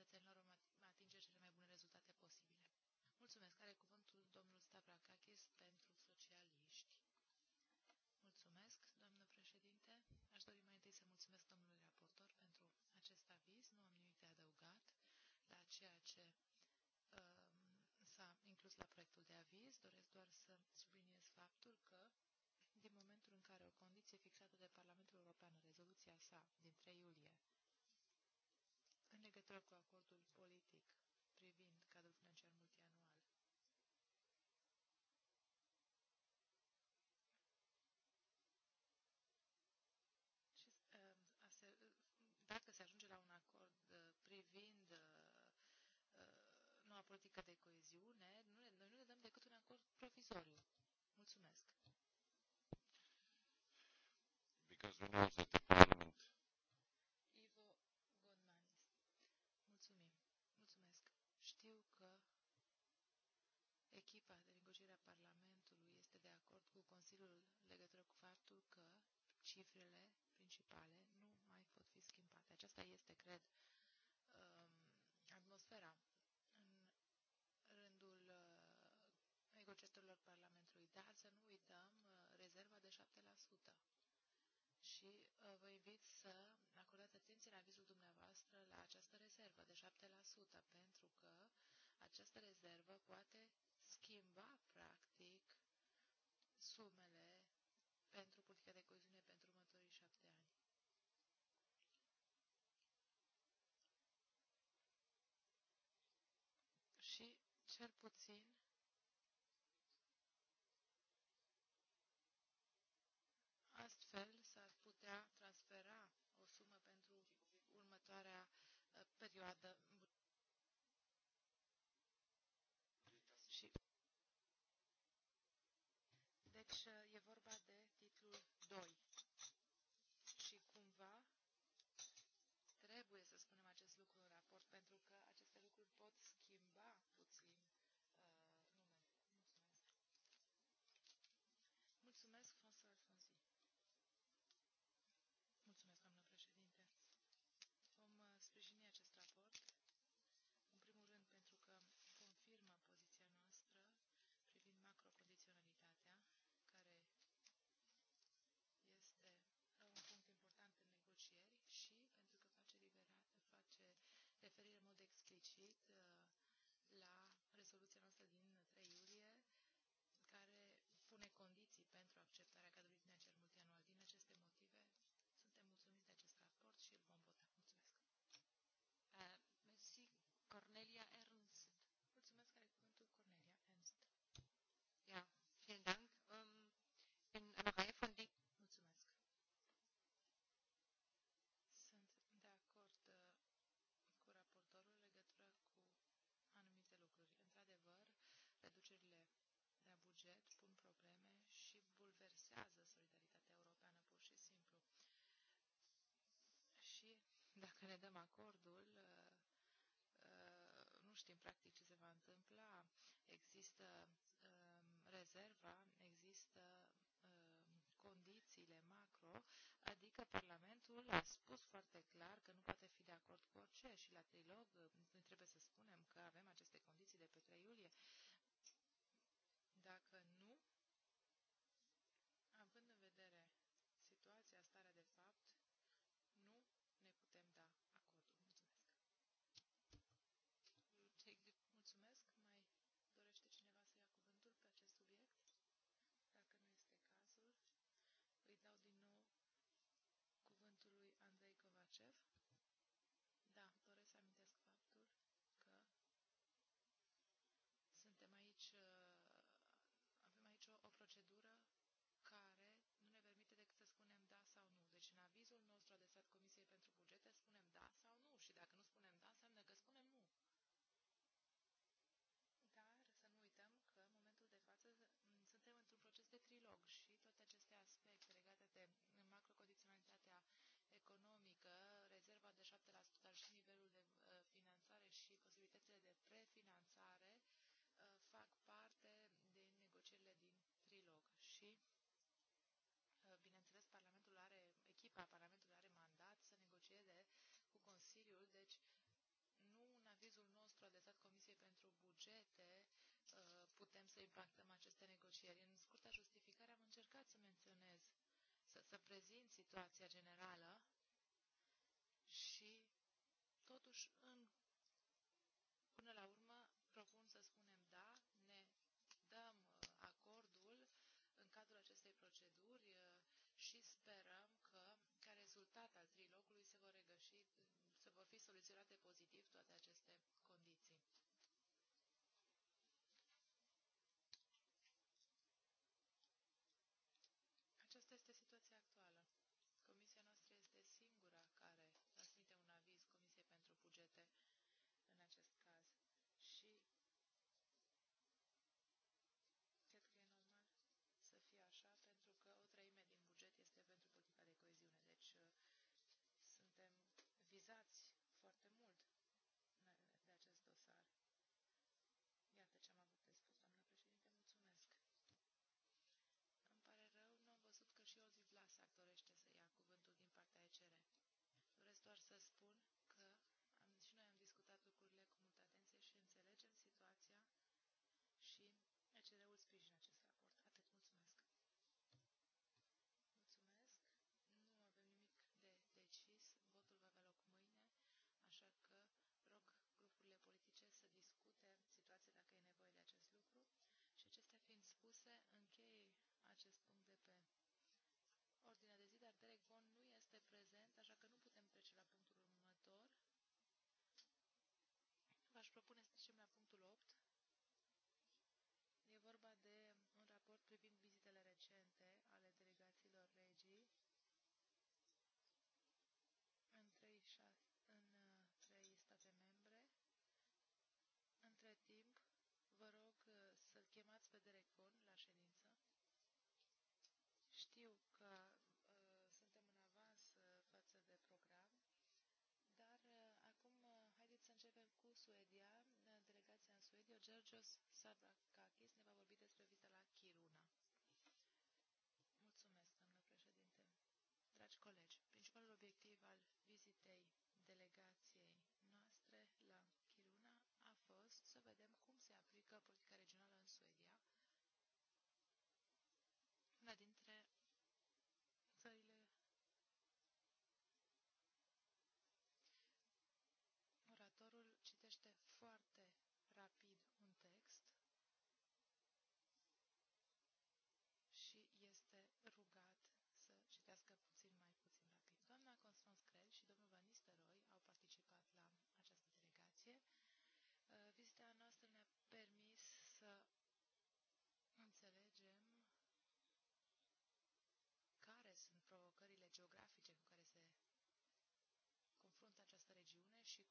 Mulțumesc. care cuvântul domnul Stavrakakis pentru socialiști. Mulțumesc, doamnă președinte. Aș dori mai întâi să mulțumesc domnului raportor pentru acest aviz. Nu am nimic de adăugat la ceea ce uh, s-a inclus la proiectul de aviz. Doresc doar să subliniez faptul că din momentul în care o condiție fixată de Parlamentul European în rezoluția sa din 3 iulie în legătură cu acordul politic Mulțumesc! Because we know that the parliament Ivo Godmanis. Mulțumim. Mulțumesc. Știu că echipa de negociere a Parlamentului este de acord cu Consiliul în legătură cu faptul că cifrele principale nu mai pot fi schimbate. Aceasta este, cred, um, atmosfera gesturilor Parlamentului, dar să nu uităm uh, rezerva de 7%. Și uh, vă invit să acordați atenție în avizul dumneavoastră la această rezervă de 7%, pentru că această rezervă poate schimba, practic, sumele pentru politica de coziune pentru următorii șapte ani. Și, cel puțin, niciodată și deci acordul, uh, uh, nu știm practic ce se va întâmpla, există um, rezerva, există um, condițiile macro, adică Parlamentul a spus foarte clar că nu poate fi de acord cu orice și la trilog nu uh, trebuie să spunem că avem aceste condiții de pe 3 iulie. Dacă nu adresat Comisiei pentru Bugete uh, putem să impactăm aceste negocieri. În scurta justificare am încercat să menționez, să, să prezint situația generală și totuși în până la urmă propun să spunem da, ne dăm uh, acordul în cadrul acestei proceduri uh, și sperăm că ca rezultat al trilogului se vor regăși se vor fi soluționate pozitiv toate aceste Dr. Georgios Sardakakis ne va vorbi despre vizita la Chiruna. Mulțumesc, domnule președinte. Dragi colegi, principalul obiectiv al vizitei delegației noastre la Chiruna a fost să vedem cum se aplică politica și cum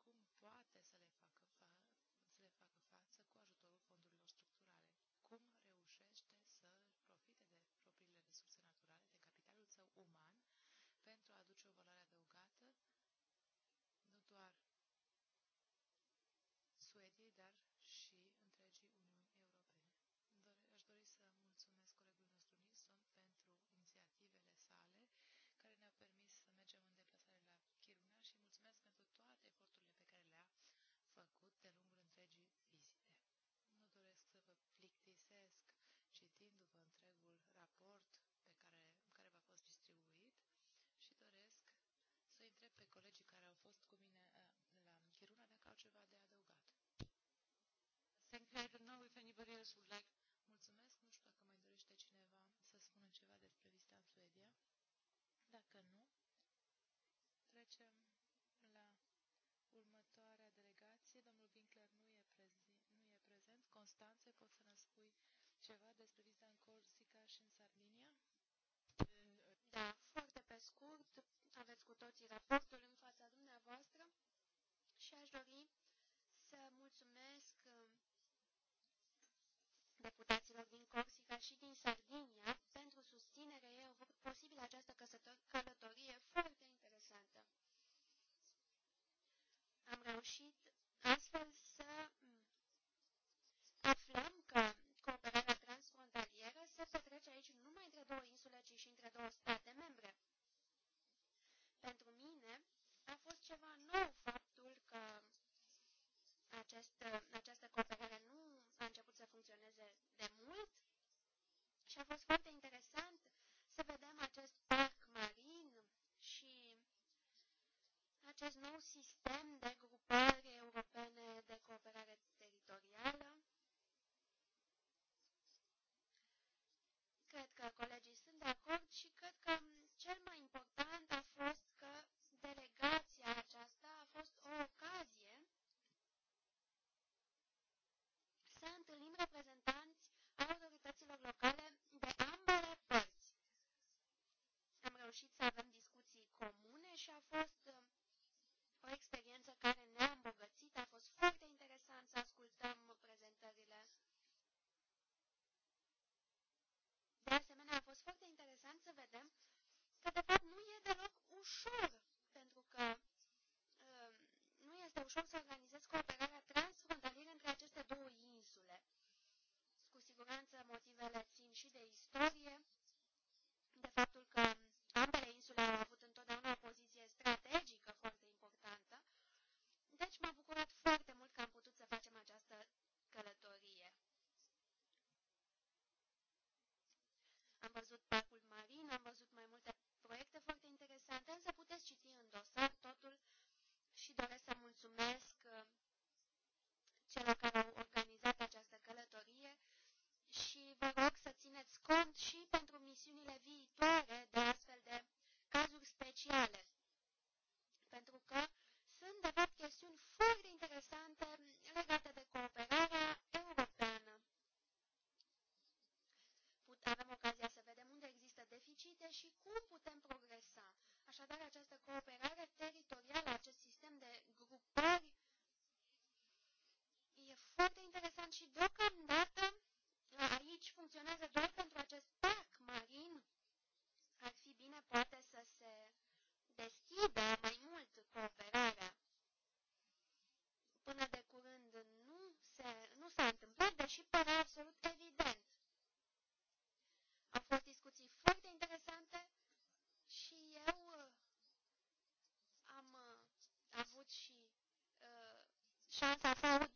fost cu mine la Chiruna dacă au ceva de adăugat. Thank you. I don't know if anybody else would like. Mulțumesc. Nu știu dacă mai dorește cineva să spună ceva despre vizita în Suedia. Dacă nu, trecem la următoarea delegație. Domnul Winkler nu e, nu e prezent. Constanțe, poți să ne spui ceva despre vizita în Corsica și în Sardinia? Da, foarte pe scurt. Aveți cu toții raportul și aș dori să mulțumesc uh, deputaților din Corsica și din Sardinia pentru susținerea ei posibil această călătorie foarte interesantă. Am reușit acest, uh, această cooperare nu a început să funcționeze de mult și a fost foarte fost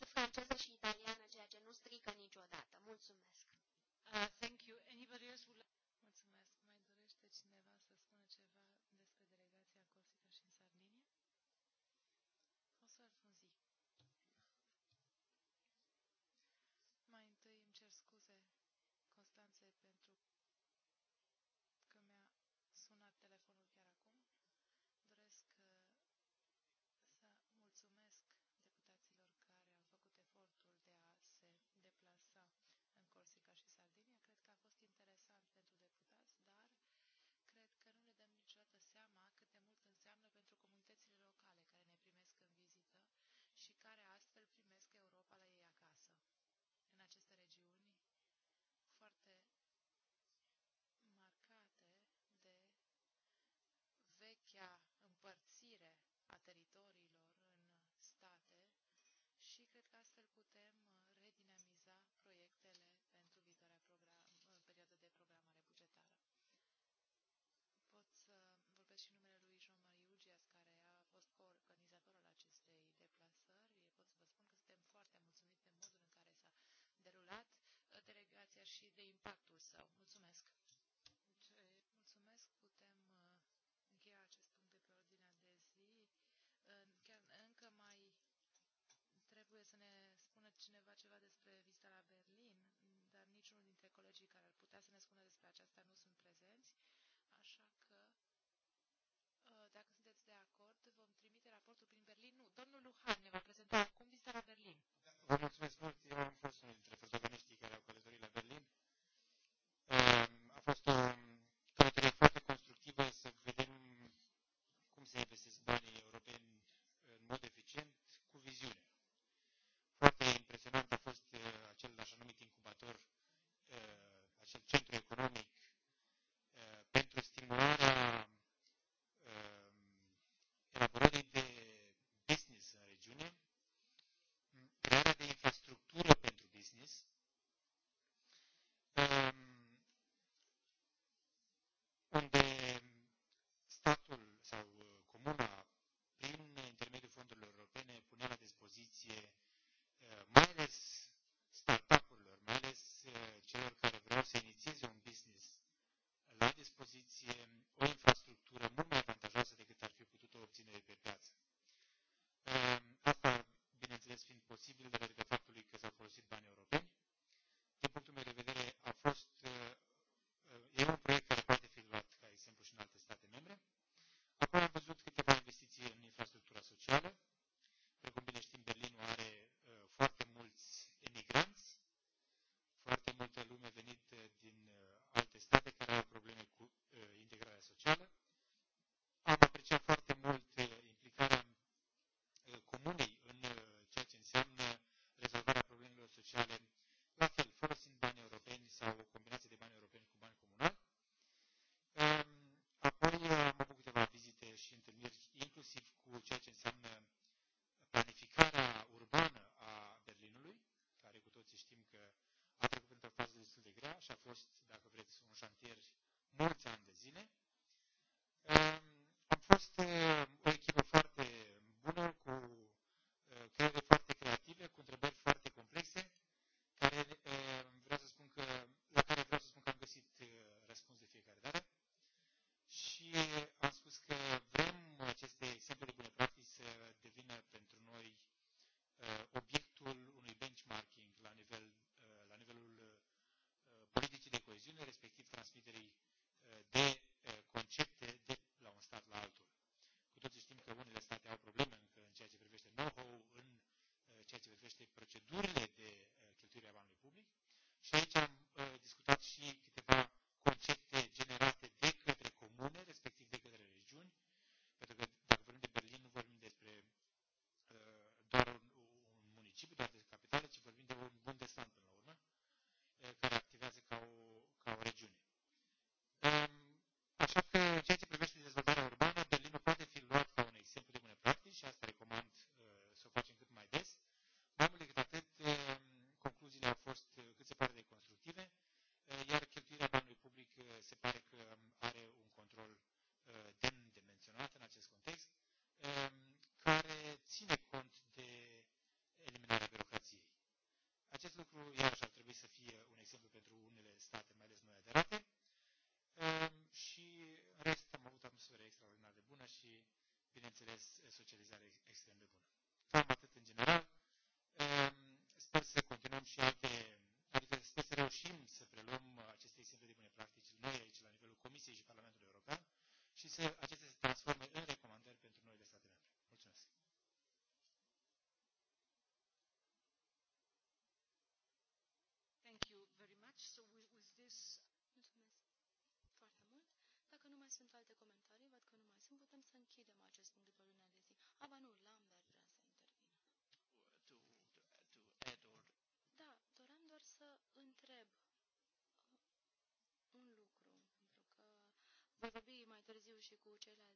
voi vorbi mai târziu și cu ceilalți.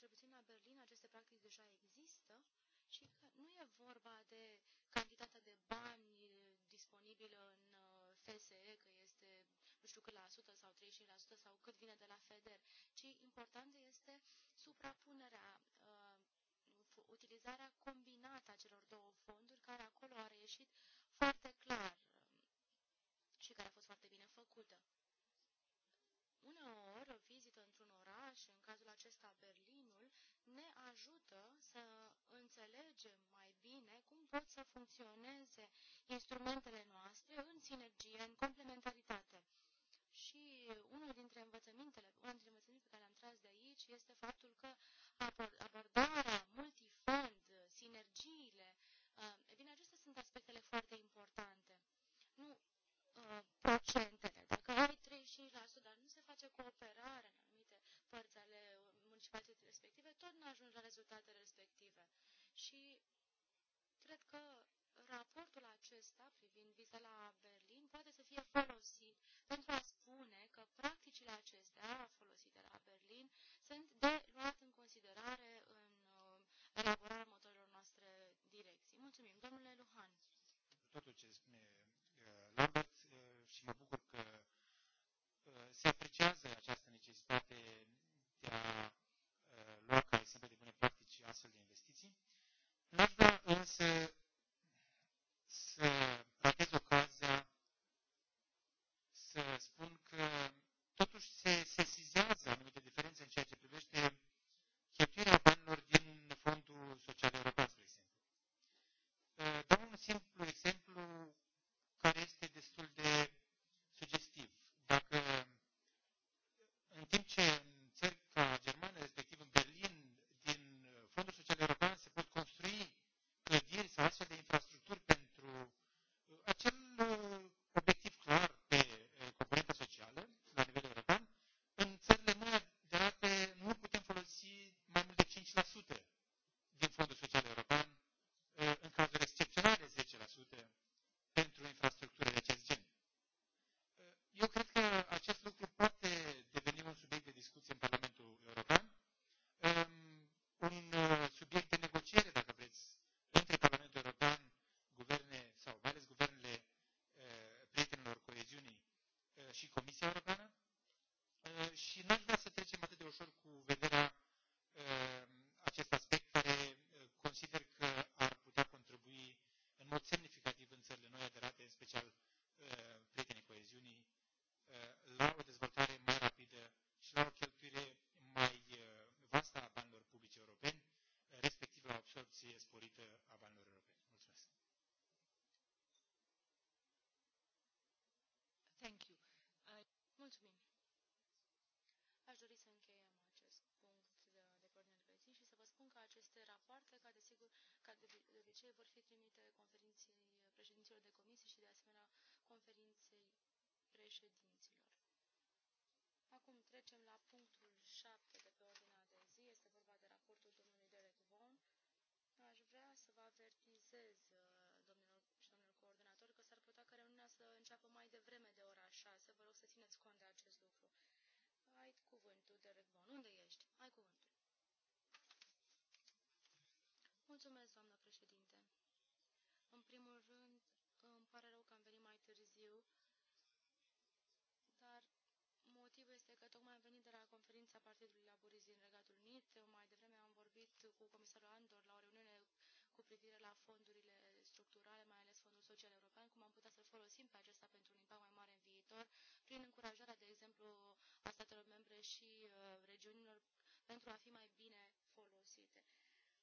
cel puțin la Berlin, aceste practici deja există și că nu e vorba de cantitatea de bani disponibilă în uh, FSE, că este nu știu cât la sută sau 35% sau cât vine de la FEDER, ci important este suprapunerea, uh, utilizarea combinată pot să funcționeze instrumentele noastre în sinergie, în complementaritate. Și unul dintre învățămintele, unul dintre învățămintele pe care am tras de aici este faptul că abordarea multifond, sinergiile, uh, e bine, acestea sunt aspectele foarte importante. Nu uh, procentele. Dacă ai 35%, dar nu se face cooperare în anumite părți ale municipalității respective, tot nu ajungi la rezultatele respective. Și cred că raportul acesta privind viza la Berlin poate să fie folosit pentru a spune că practicile acestea folosite la Berlin sunt de luat în considerare în uh, elaborarea motorilor noastre direcții. Mulțumim, domnule Luhan. Totul ce spune uh, Lambert uh, și mă bucur că se apreciază această necesitate de a lua ca exemplu de bune practici astfel de investiții. Nu aș vrea însă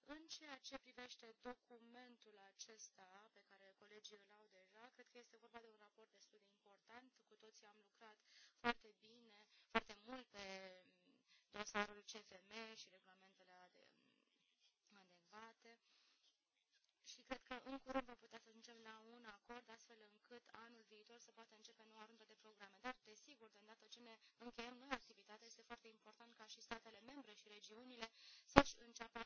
În ceea ce privește documentul acesta pe care colegii îl au deja, cred că este vorba de un raport destul de important. Cu toții am lucrat foarte bine, foarte mult pe mm, dosarul CFM și regulamentele mm, adecvate și cred că în curând vom putea să ajungem la un acord astfel încât anul viitor să poată începe noua rundă de programe. Dar, desigur, de îndată ce ne încheiem noi activitatea, este foarte important ca și statele membre și regiunile să-și înceapă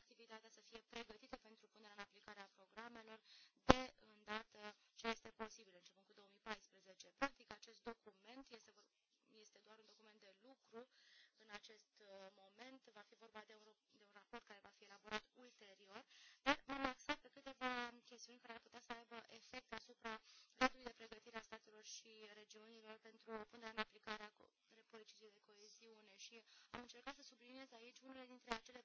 și am încercat să subliniez aici unele dintre acele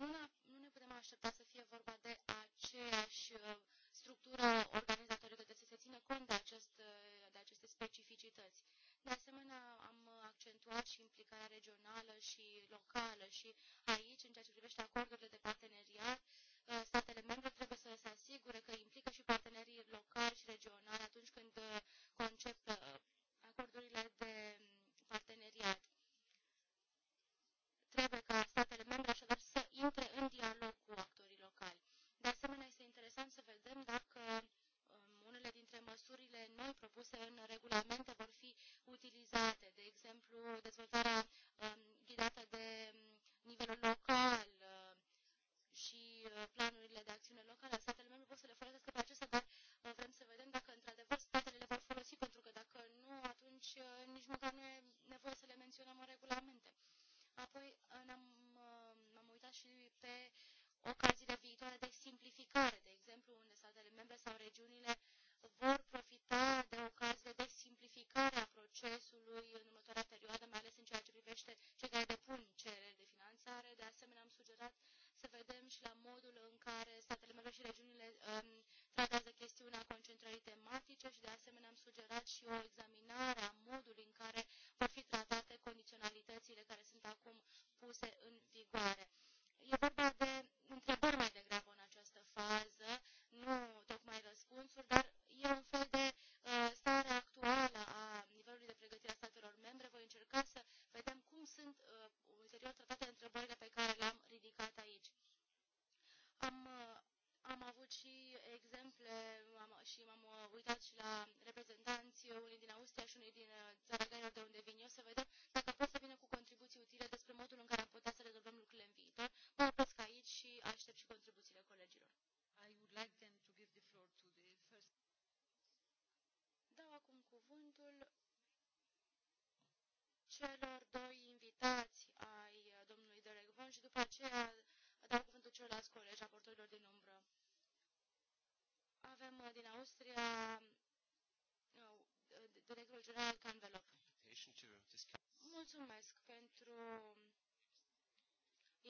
Nu, nu ne putem aștepta să fie vorba de aceeași uh,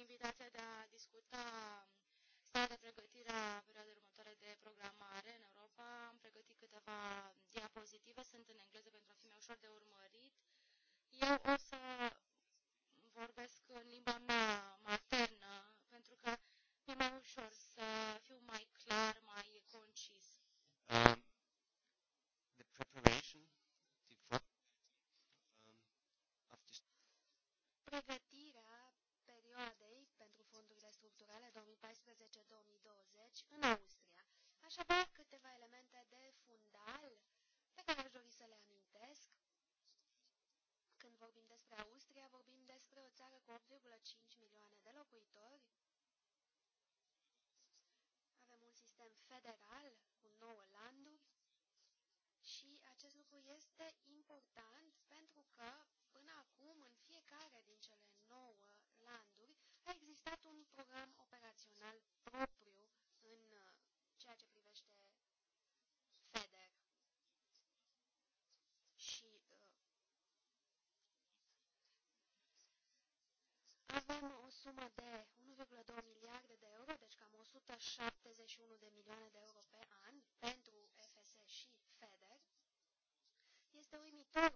invitația de a discuta um, starea de pregătire a perioadei următoare de programare în Europa. Am pregătit câteva diapozitive, sunt în engleză pentru a fi mai ușor de urmărit. Eu o să avem o sumă de 1,2 miliarde de euro, deci cam 171 de milioane de euro pe an pentru FSE și FEDER. Este uimitor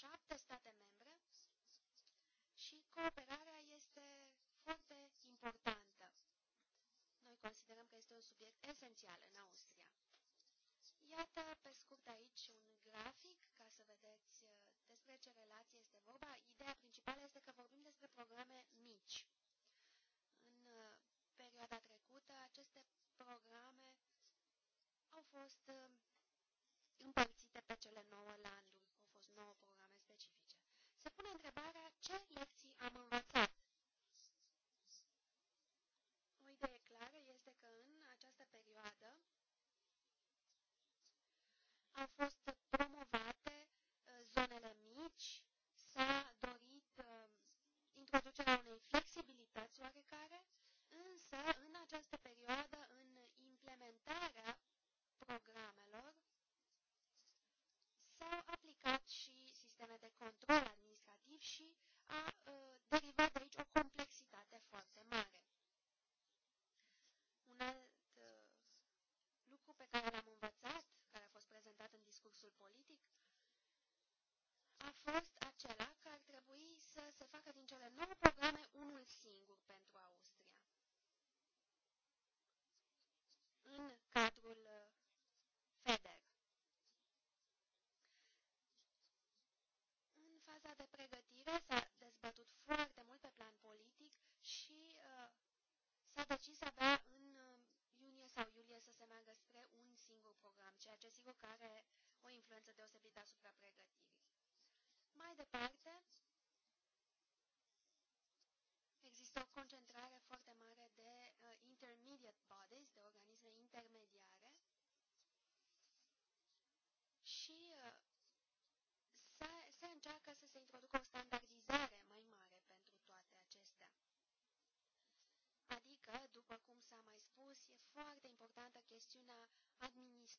șapte state membre și cooperarea este foarte importantă. Noi considerăm că este un subiect esențial în Austria. Iată, pe scurt, aici un grafic ca să vedeți uh, despre ce relație este vorba. Ideea principală este că vorbim despre programe mici. În uh, perioada trecută, aceste programe au fost uh, împărțite pe cele 9 la se pune întrebarea ce lecții am învățat. O idee clară este că în această perioadă au fost promovate uh, zonele mici, s-a dorit uh, introducerea unei flexibilități oarecare, însă în a uh, derivat de să avea da, în um, iunie sau iulie să se meargă spre un singur program, ceea ce sigur că are o influență deosebită asupra pregătirii. Mai departe,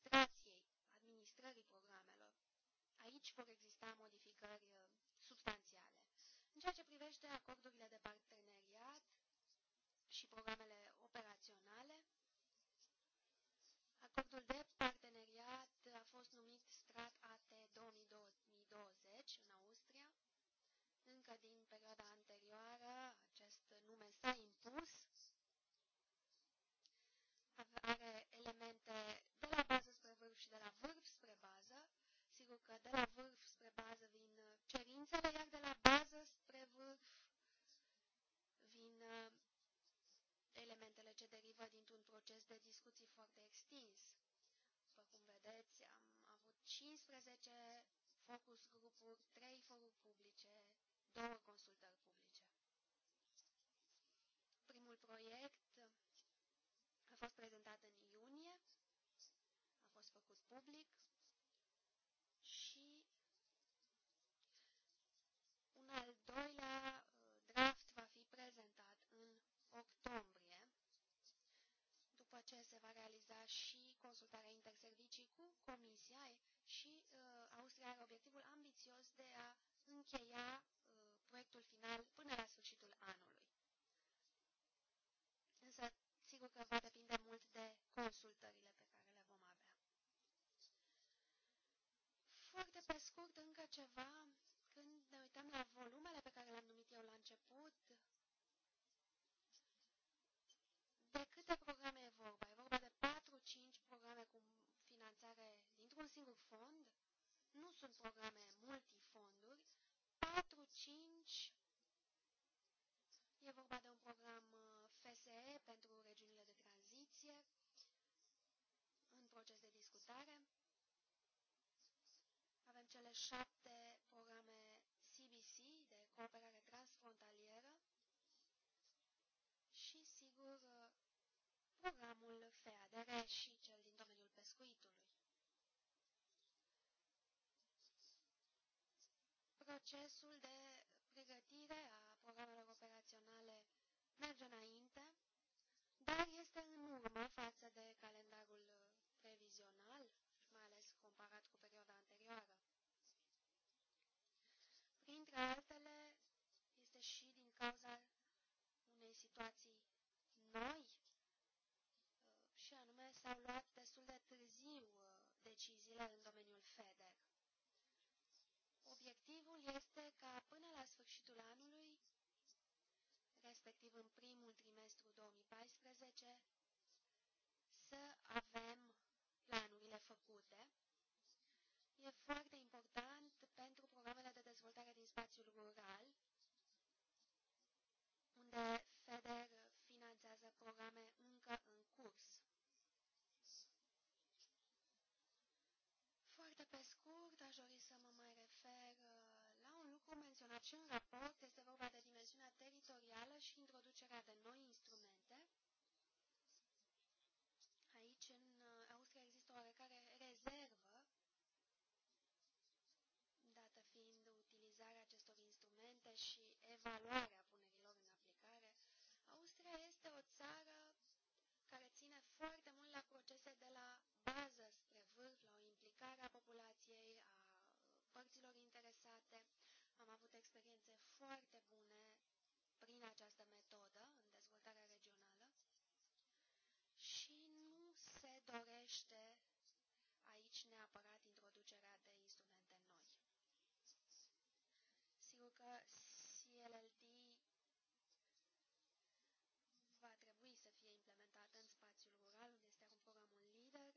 administrației, administrării programelor. Aici vor exista modificări uh, substanțiale. În ceea ce privește acordurile de parteneriat și programele operaționale, acordul de parteneriat a fost numit Strat AT 2020 în Austria, încă din perioada anterioară că de la vârf spre bază vin uh, cerințele, iar de la bază spre vârf vin uh, elementele ce derivă dintr-un proces de discuții foarte extins. După cum vedeți, am avut 15 focus grupuri, 3 foruri publice, 2 consultări publice. Primul proiect a fost prezentat în iunie, a fost făcut public, ce se va realiza și consultarea interservicii cu Comisia și uh, Austria are obiectivul ambițios de a încheia uh, proiectul final până la sfârșitul anului. Însă, sigur că va depinde mult de consultările pe care le vom avea. Foarte pe scurt, încă ceva, când ne uităm la volumele pe care le-am numit eu la început, finanțare dintr-un singur fond, nu sunt programe multifonduri, 4-5 e vorba de un program uh, FSE pentru regiunile de tranziție în proces de discutare. Avem cele șapte programe CBC de cooperare transfrontalieră și, sigur, uh, programul FEADR și cel pescuitului. Procesul de pregătire a programelor operaționale merge înainte, dar este în urmă față de calendarul previzional, mai ales comparat cu perioada anterioară. Printre alte deciziile în domeniul FEDER. Obiectivul este ca până la sfârșitul anului, respectiv în primul trimestru 2014, să avem planurile făcute. E foarte important pentru programele de dezvoltare din spațiul rural, unde dori să mă mai refer uh, la un lucru menționat și în raport, este vorba de dimensiunea teritorială și introducerea de noi instrumente. Aici, în uh, Austria, există oarecare rezervă, dată fiind utilizarea acestor instrumente și evaluarea experiențe foarte bune prin această metodă în dezvoltarea regională și nu se dorește aici neapărat introducerea de instrumente noi. Sigur că CLLD va trebui să fie implementată în spațiul rural, unde este un program un lider.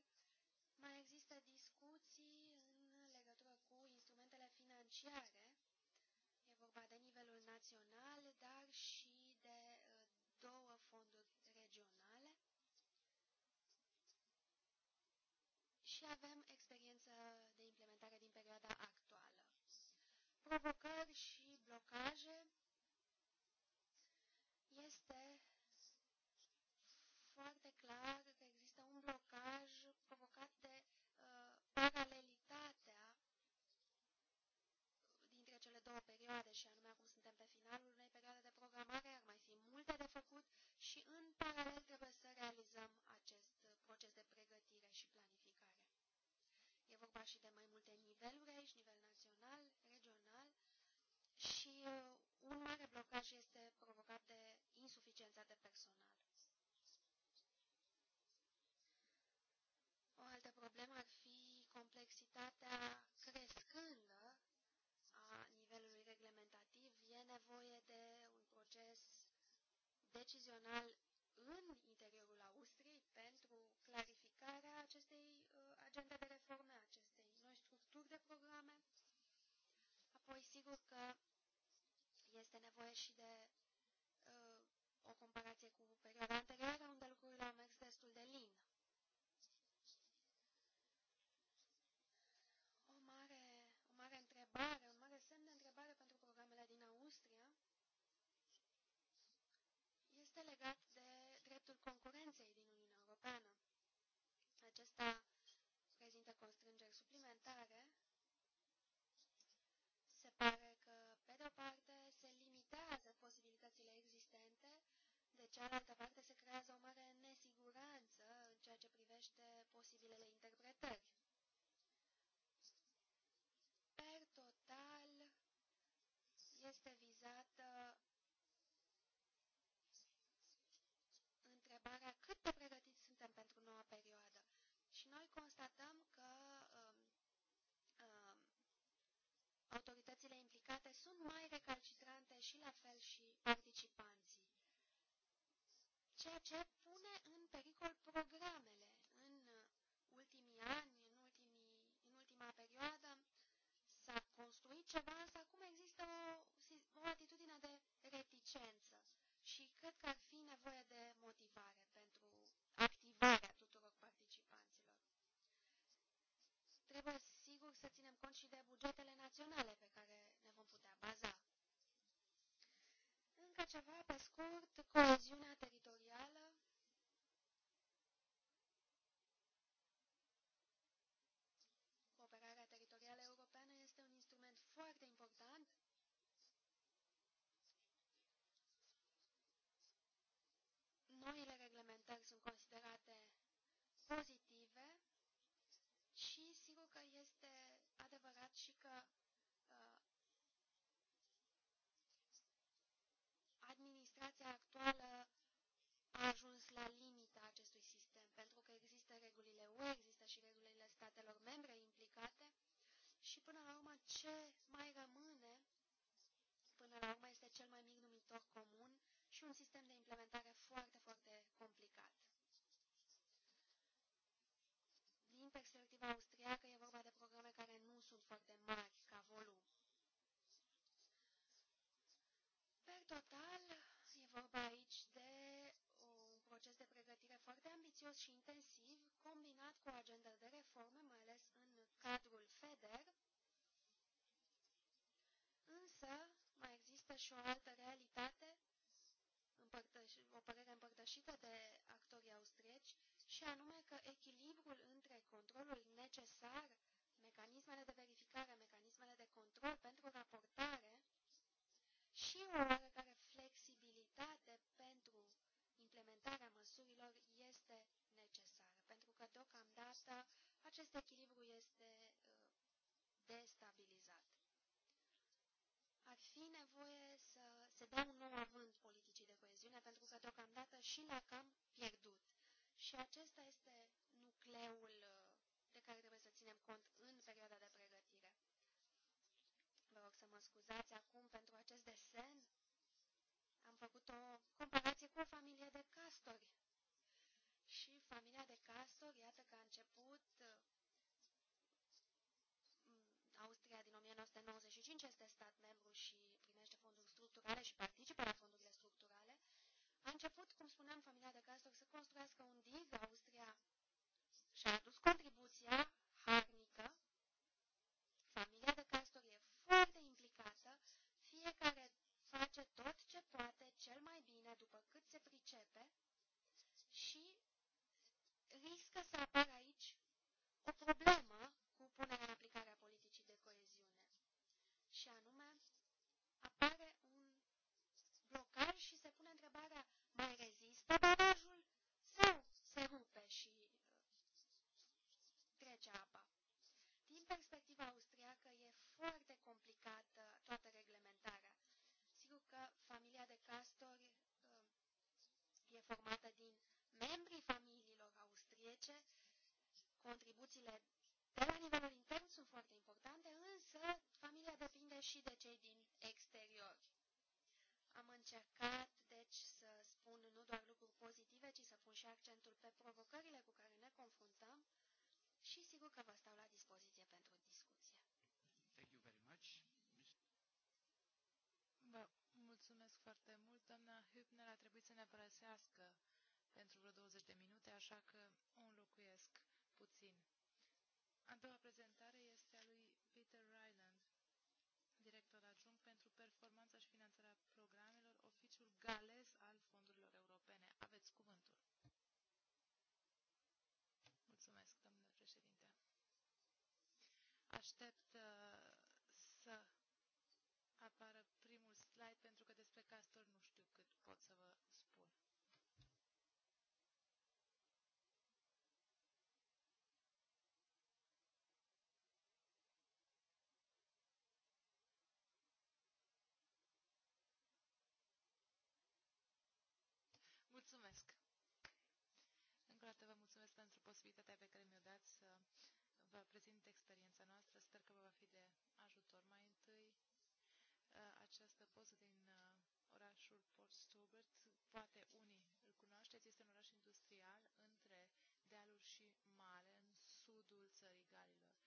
Mai există discuții în legătură cu instrumentele financiare național, dar și de uh, două fonduri regionale. Și avem experiență de implementare din perioada actuală. Provocări și blocaje este foarte clar că există un blocaj provocat de uh, paralelitatea dintre cele două perioade, și anume acum vorba și de mai multe niveluri aici, nivel național, regional și uh, un mare blocaj este provocat de insuficiența de personal. O altă problemă ar fi complexitatea crescândă a nivelului reglementativ. E nevoie de un proces decizional în interiorul Austriei pentru clarificarea acestei uh, agende de Apoi, sigur că este nevoie și de uh, o comparație cu perioada anterioară, unde lucrurile au mers destul de lin. O mare, o mare întrebare, un mare semn de întrebare pentru programele din Austria este legat de dreptul concurenței din Uniunea Europeană. Acesta prezintă constrângeri suplimentare cealaltă parte se creează o mare nesiguranță în ceea ce privește posibilele interpretări. Per total, este vizată întrebarea cât de pregătiți suntem pentru noua perioadă. Și noi constatăm că um, um, autoritățile implicate sunt mai recalcitrante și la fel și participanții ceea ce pune în pericol programele. În uh, ultimii ani, în, ultimii, în ultima perioadă, s-a construit ceva, însă acum există o, o atitudine de reticență și cred că ar fi nevoie de motivare pentru activarea tuturor participanților. Trebuie sigur să ținem cont și de bugetele naționale pe care ne vom putea baza. Încă ceva pe scurt, coeziunea teritorială și regulile statelor membre implicate și până la urmă ce mai rămâne, până la urmă este cel mai mic numitor comun și un sistem de implementare foarte, foarte complicat. Din perspectiva austriacă e vorba de programe care nu sunt foarte mari ca volum. Per total, e vorba aici de un proces de pregătire foarte ambițios și intensiv combinat cu o de reforme, mai ales în cadrul FEDER, însă mai există și o altă realitate, o părere împărtășită de actorii austrieci, și anume că echilibrul între controlul necesar, mecanismele de verificare, mecanismele de control pentru raportare și o acest echilibru este uh, destabilizat. Ar fi nevoie să se dea un nou avânt politicii de coeziune, pentru că deocamdată și la cam pierdut. Și acesta este nucleul uh, de care trebuie să ținem cont în perioada de pregătire. Vă rog să mă scuzați acum pentru acest desen. Am făcut o comparație cu o familie de castori. Și familia de castori, iată că a început uh, 295 este stat membru și primește fonduri structurale și participă la fondurile structurale. A început, cum spuneam, familia de Castor să construiască un dig. Austria și-a adus contribuția harnică. Familia de Castor e foarte implicată. Fiecare face tot ce poate cel mai bine, după cât se pricepe și riscă să apară aici o problemă face apa. Din perspectiva austriacă e foarte complicată toată reglementarea. Sigur că familia de castori uh, e formată din membrii familiilor austriece, contribuțiile de la nivelul intern sunt foarte importante, însă familia depinde și de cei din exterior. Am încercat, deci, să spun nu doar lucruri pozitive, ci să pun și accentul pe provocările cu care ne confruntăm și sigur că vă stau la dispoziție pentru discuție. Thank you very much. Vă mulțumesc foarte mult. Doamna Hübner a trebuit să ne părăsească pentru vreo 20 de minute, așa că o înlocuiesc puțin. A doua prezentare este a lui Peter Ryland, director adjunct pentru performanța și finanțarea programelor, oficiul Gale aștept uh, să apară primul slide, pentru că despre castor nu știu cât pot să vă spun. Mulțumesc! Încă o dată vă mulțumesc pentru posibilitatea pe care mi-o dați să vă prezint experiența noastră. Sper că vă va fi de ajutor. Mai întâi, uh, această poză din uh, orașul Port Stobert, poate unii îl cunoașteți, este un oraș industrial între dealuri și mare, în sudul țării Galilor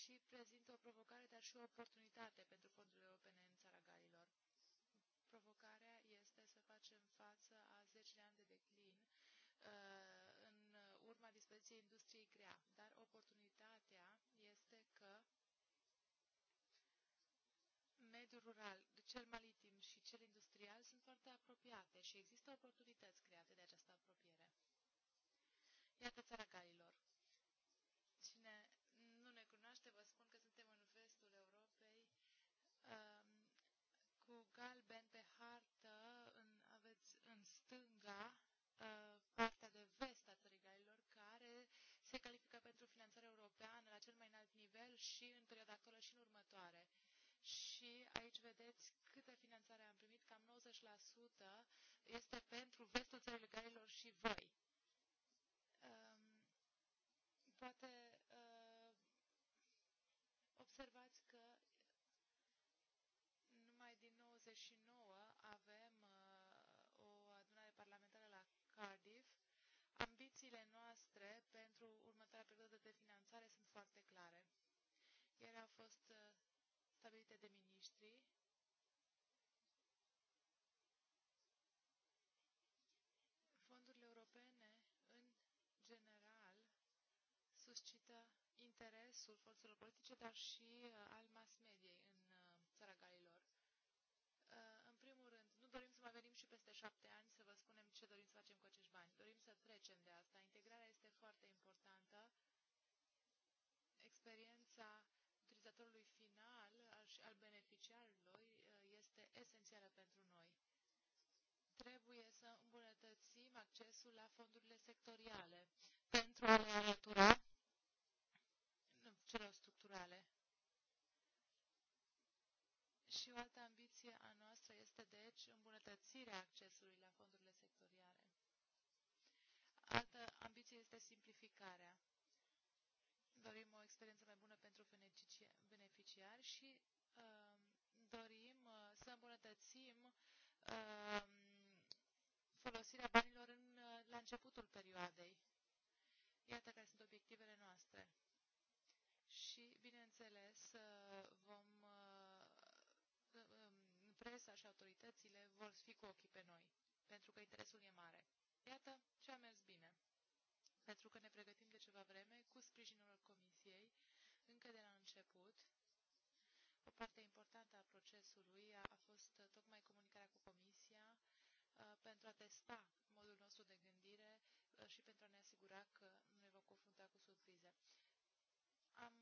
și prezintă o provocare, dar și o oportunitate pentru fondurile europene în țara Galilor. Provocarea este să facem față a 10 ani de declin intervenție industriei grea, dar oportunitatea este că mediul rural, cel maritim și cel industrial sunt foarte apropiate și există oportunități create de această apropiere. Iată țara galilor. și în perioada actuală și în următoare. Și aici vedeți câtă finanțare am primit, cam 90% este pentru vestul țării Galilor și voi. Um, poate uh, observați că numai din 99 avem uh, o adunare parlamentară la Cardiff. Ambițiile noastre pentru următoarea perioadă de finanțare sunt ele au fost uh, stabilite de miniștri Fondurile europene, în general, suscită interesul forțelor politice, dar și uh, al mass mediei în uh, țara Galilor. În primul rând, nu dorim să mai venim și peste șapte ani să vă spunem ce dorim să facem cu acești bani. Dorim să trecem de asta. Integrarea este foarte importantă comercialului uh, este esențială pentru noi. Trebuie să îmbunătățim accesul la fondurile sectoriale pentru a le alătura celor structurale. Și o altă ambiție a noastră este, deci, îmbunătățirea accesului la fondurile sectoriale. Altă ambiție este simplificarea. Dorim o experiență mai bună pentru beneficiari și uh, dorim uh, să îmbunătățim uh, folosirea banilor în, uh, la începutul perioadei. Iată care sunt obiectivele noastre. Și, bineînțeles, vom presa și autoritățile vor fi cu ochii pe noi, pentru că interesul e mare. Iată ce a mers bine, pentru că ne pregătim de ceva vreme cu sprijinul Comisiei, încă de la început, parte importantă a procesului a, fost uh, tocmai comunicarea cu Comisia uh, pentru a testa modul nostru de gândire uh, și pentru a ne asigura că nu ne vom confrunta cu surprize. Am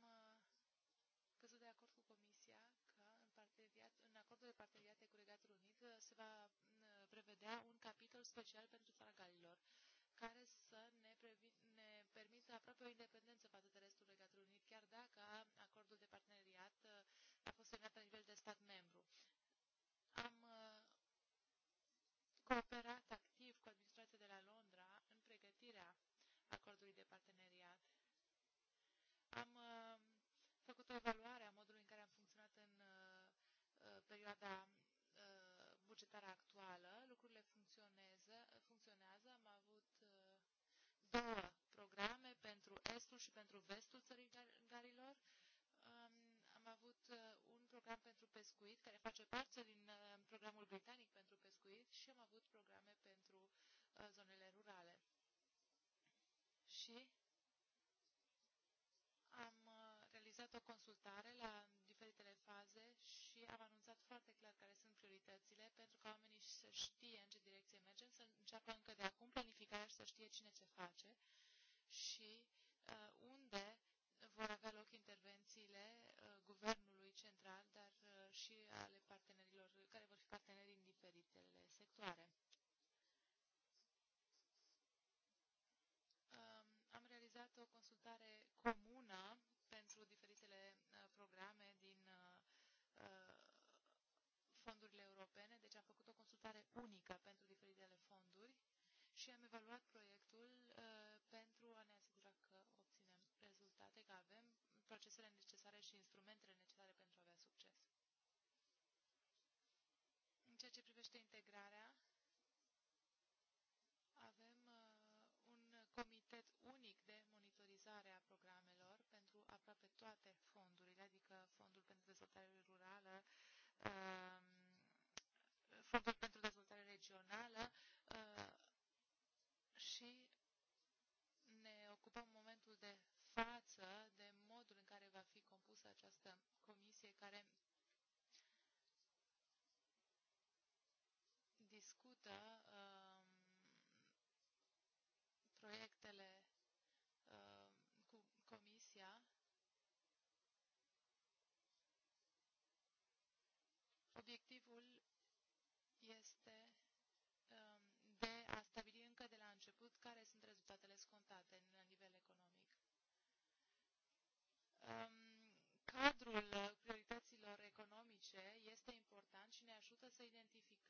căzut de acord cu Comisia că în, parteneriat, în acordul de parteneriate cu Regatul Unit se va prevedea un capitol special pentru țara Galilor, care să ne, previ, ne permită aproape o independență față de restul Regatului Unit, chiar dacă acordul de parteneriat cooperat activ cu administrația de la Londra în pregătirea acordului de parteneriat. Am uh, făcut o evaluare a modului în care am funcționat în uh, uh perioada uh, bugetară actuală. Lucrurile funcționează, funcționează. Am avut uh, două programe pentru estul și pentru vestul țării Galilor avut uh, un program pentru pescuit, care face parte din uh, programul britanic pentru pescuit și am avut programe pentru uh, zonele rurale. Și am realizat o consultare la diferitele faze și am anunțat foarte clar care sunt prioritățile pentru ca oamenii să știe în ce direcție mergem, să înceapă încă de acum planificarea și să știe cine ce face și unde vor avea loc intervențiile guvernului central, dar uh, și ale partenerilor, care vor fi parteneri în diferitele sectoare. Um, am realizat o consultare comună pentru diferitele uh, programe din uh, fondurile europene, deci am făcut o consultare unică pentru diferitele fonduri și am evaluat proiectul pentru a ne asigura că obținem rezultate, că avem procesele necesare și instrumentele necesare pentru a avea succes. În ceea ce privește integrarea, avem uh, un comitet unic de monitorizare a programelor pentru aproape toate fondurile, adică Fondul pentru Dezvoltare Rurală, um, Fondul pentru Dezvoltare Regională uh, și ne ocupăm momentul de care discută cadrul uh, priorităților economice este important și ne ajută să identificăm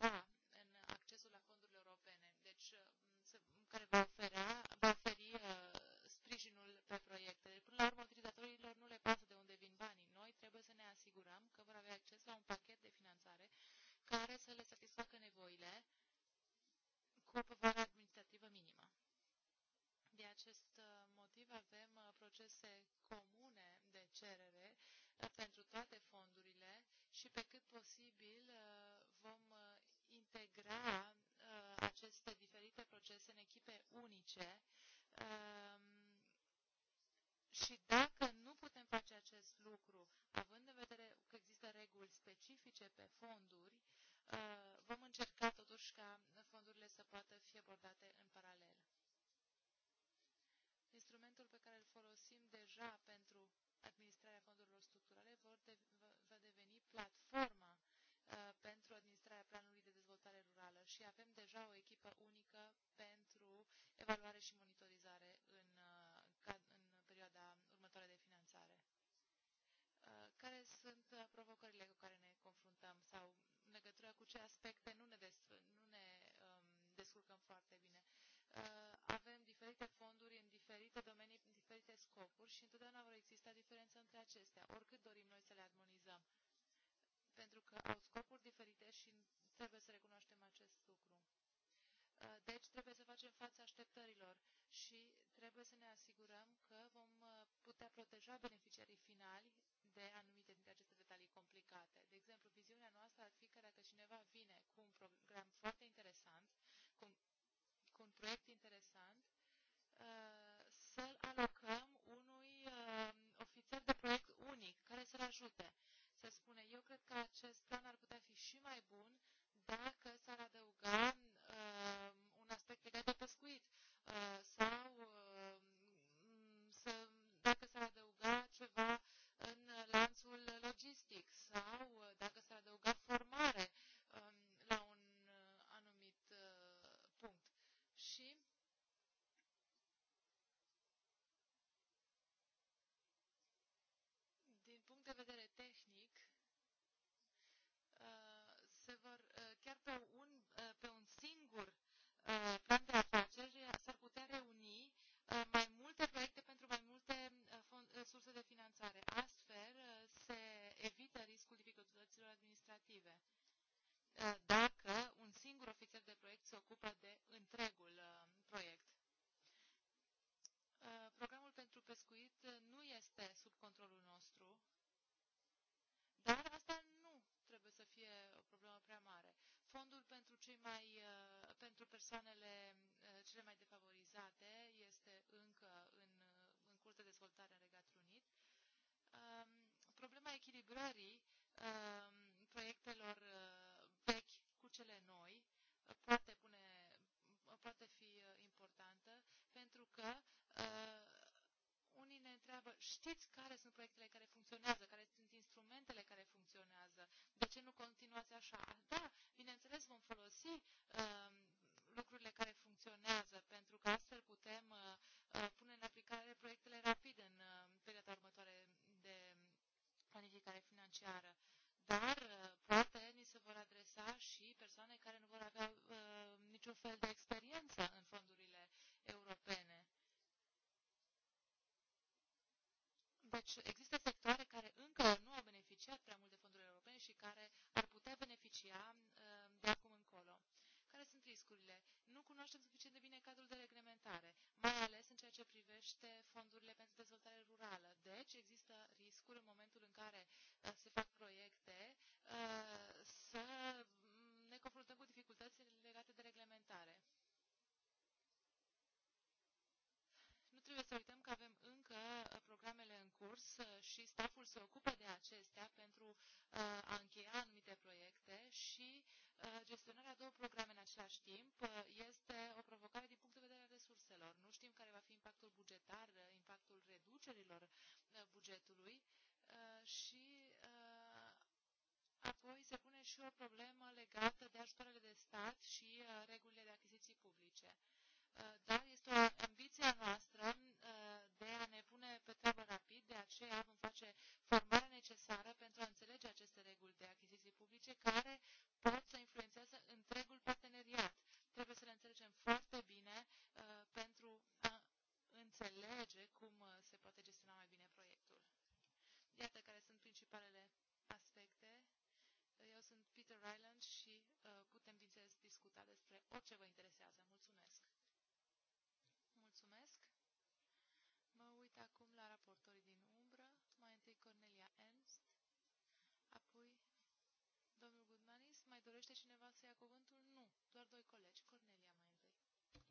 evita și da proteja beneficiarii. de vedere tehnic, uh, se vor, uh, chiar pe un, uh, pe un singur plan știți care sunt proiectele care funcționează, care sunt instrumentele care funcționează, de ce nu continuați așa? Ah, da, bineînțeles, vom folosi uh, lucrurile care funcționează, pentru că astfel putem uh, pune în aplicare proiectele rapid în uh, perioada următoare de planificare financiară. Dar uh, poate ni se vor adresa și persoane care nu vor avea uh, niciun fel de experiență Deci, există sectoare care încă nu au beneficiat prea mult de fondurile europene și care ar putea beneficia uh, de acum încolo. Care sunt riscurile? Nu cunoaștem suficient de bine cadrul de reglementare, mai ales în ceea ce privește fondurile pentru dezvoltare rurală. Deci există riscuri în momentul în care uh, se fac proiecte uh, să mm, ne confruntăm cu dificultățile legate de reglementare. Nu trebuie să uităm că avem Resource și stafful se ocupă de acestea pentru uh, a încheia anumite proiecte și uh, gestionarea două programe în același timp uh, este o provocare din punct de vedere al resurselor. Nu știm care va fi impactul bugetar, impactul reducerilor bugetului și apoi se pune și o problemă legată de ajutoarele de stat și regulile de achiziții publice. Dar este o ambiție noastră aceea vom face formarea necesară pentru a înțelege aceste reguli de achiziții publice care pot să influențeze întregul parteneriat. Trebuie să le înțelegem foarte bine uh, pentru a înțelege cum uh, se poate gestiona mai bine proiectul. Iată care sunt principalele aspecte. Eu sunt Peter Ryland și uh, putem, bineînțeles, discuta despre orice vă interesează. Mulțumesc! Mulțumesc! Mă uit acum la raportorii din Cornelia Ernst, apoi domnul Gudmanis. Mai dorește cineva să ia cuvântul? Nu, doar doi colegi. Cornelia mai întâi.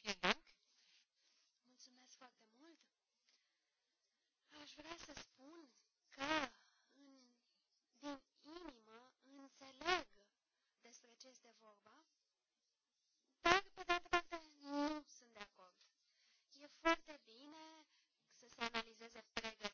Vielen da, Mulțumesc foarte mult. Aș vrea să spun că în, din inimă înțeleg despre ce este vorba, dar pe de altă parte nu sunt de acord. E foarte bine să se analizeze pregătirea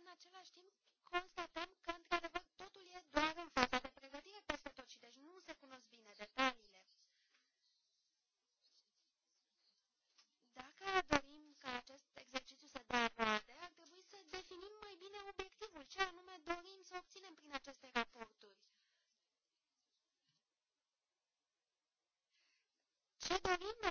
în același timp constatăm că, într-adevăr, totul e doar în faza de pregătire peste tot și deci nu se cunosc bine detaliile. Dacă dorim ca acest exercițiu să dea roade, ar trebui să definim mai bine obiectivul, ce anume dorim să obținem prin aceste raporturi. Ce dorim, de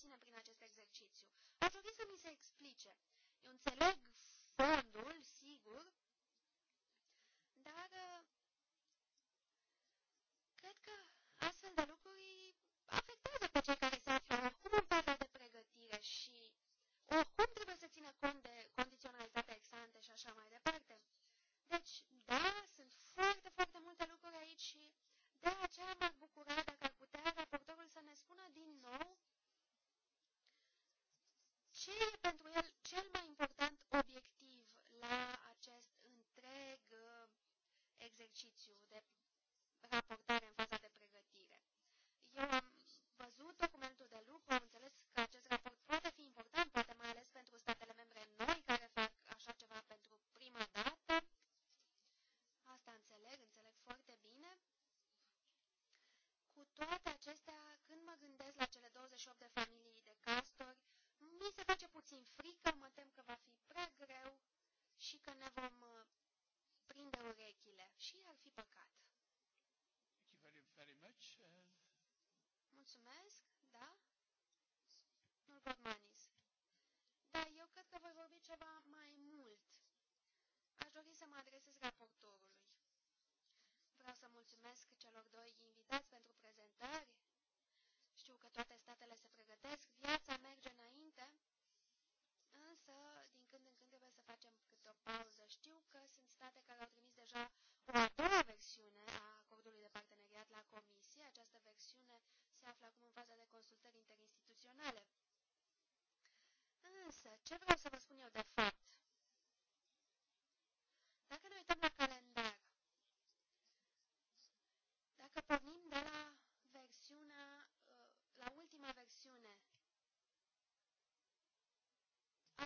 exercițiu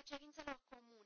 cerințelor comune.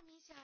Comisia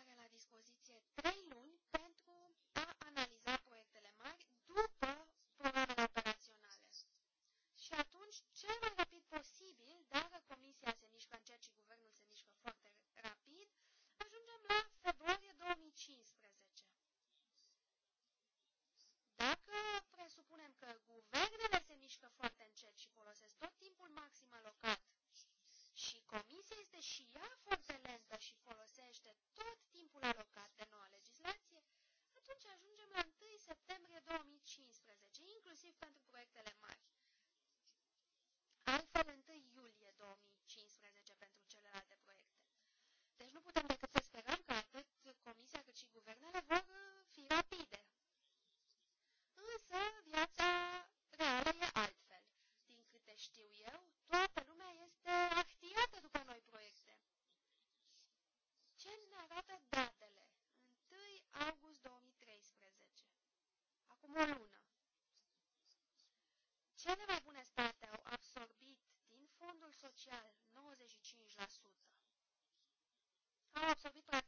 absorbit o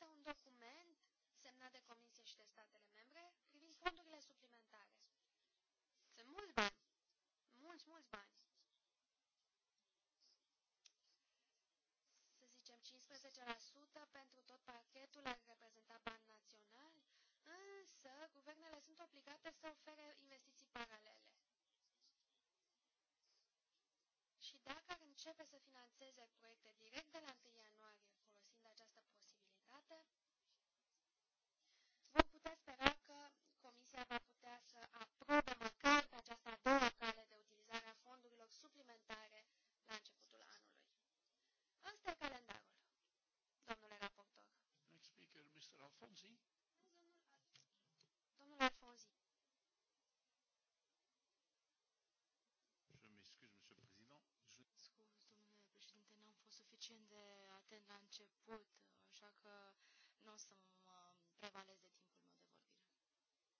existe un document semnat de Comisie și de statele membre privind fondurile suplimentare. Sunt mulți bani. Mulți, mulți bani. Să zicem 15% pentru tot pachetul ar reprezenta bani naționali, însă guvernele sunt obligate să ofere investiții paralele. Și dacă ar începe să financeze proiecte direct de la 1 ianuarie, păcate vreau să mă um, prevalez de timpul meu de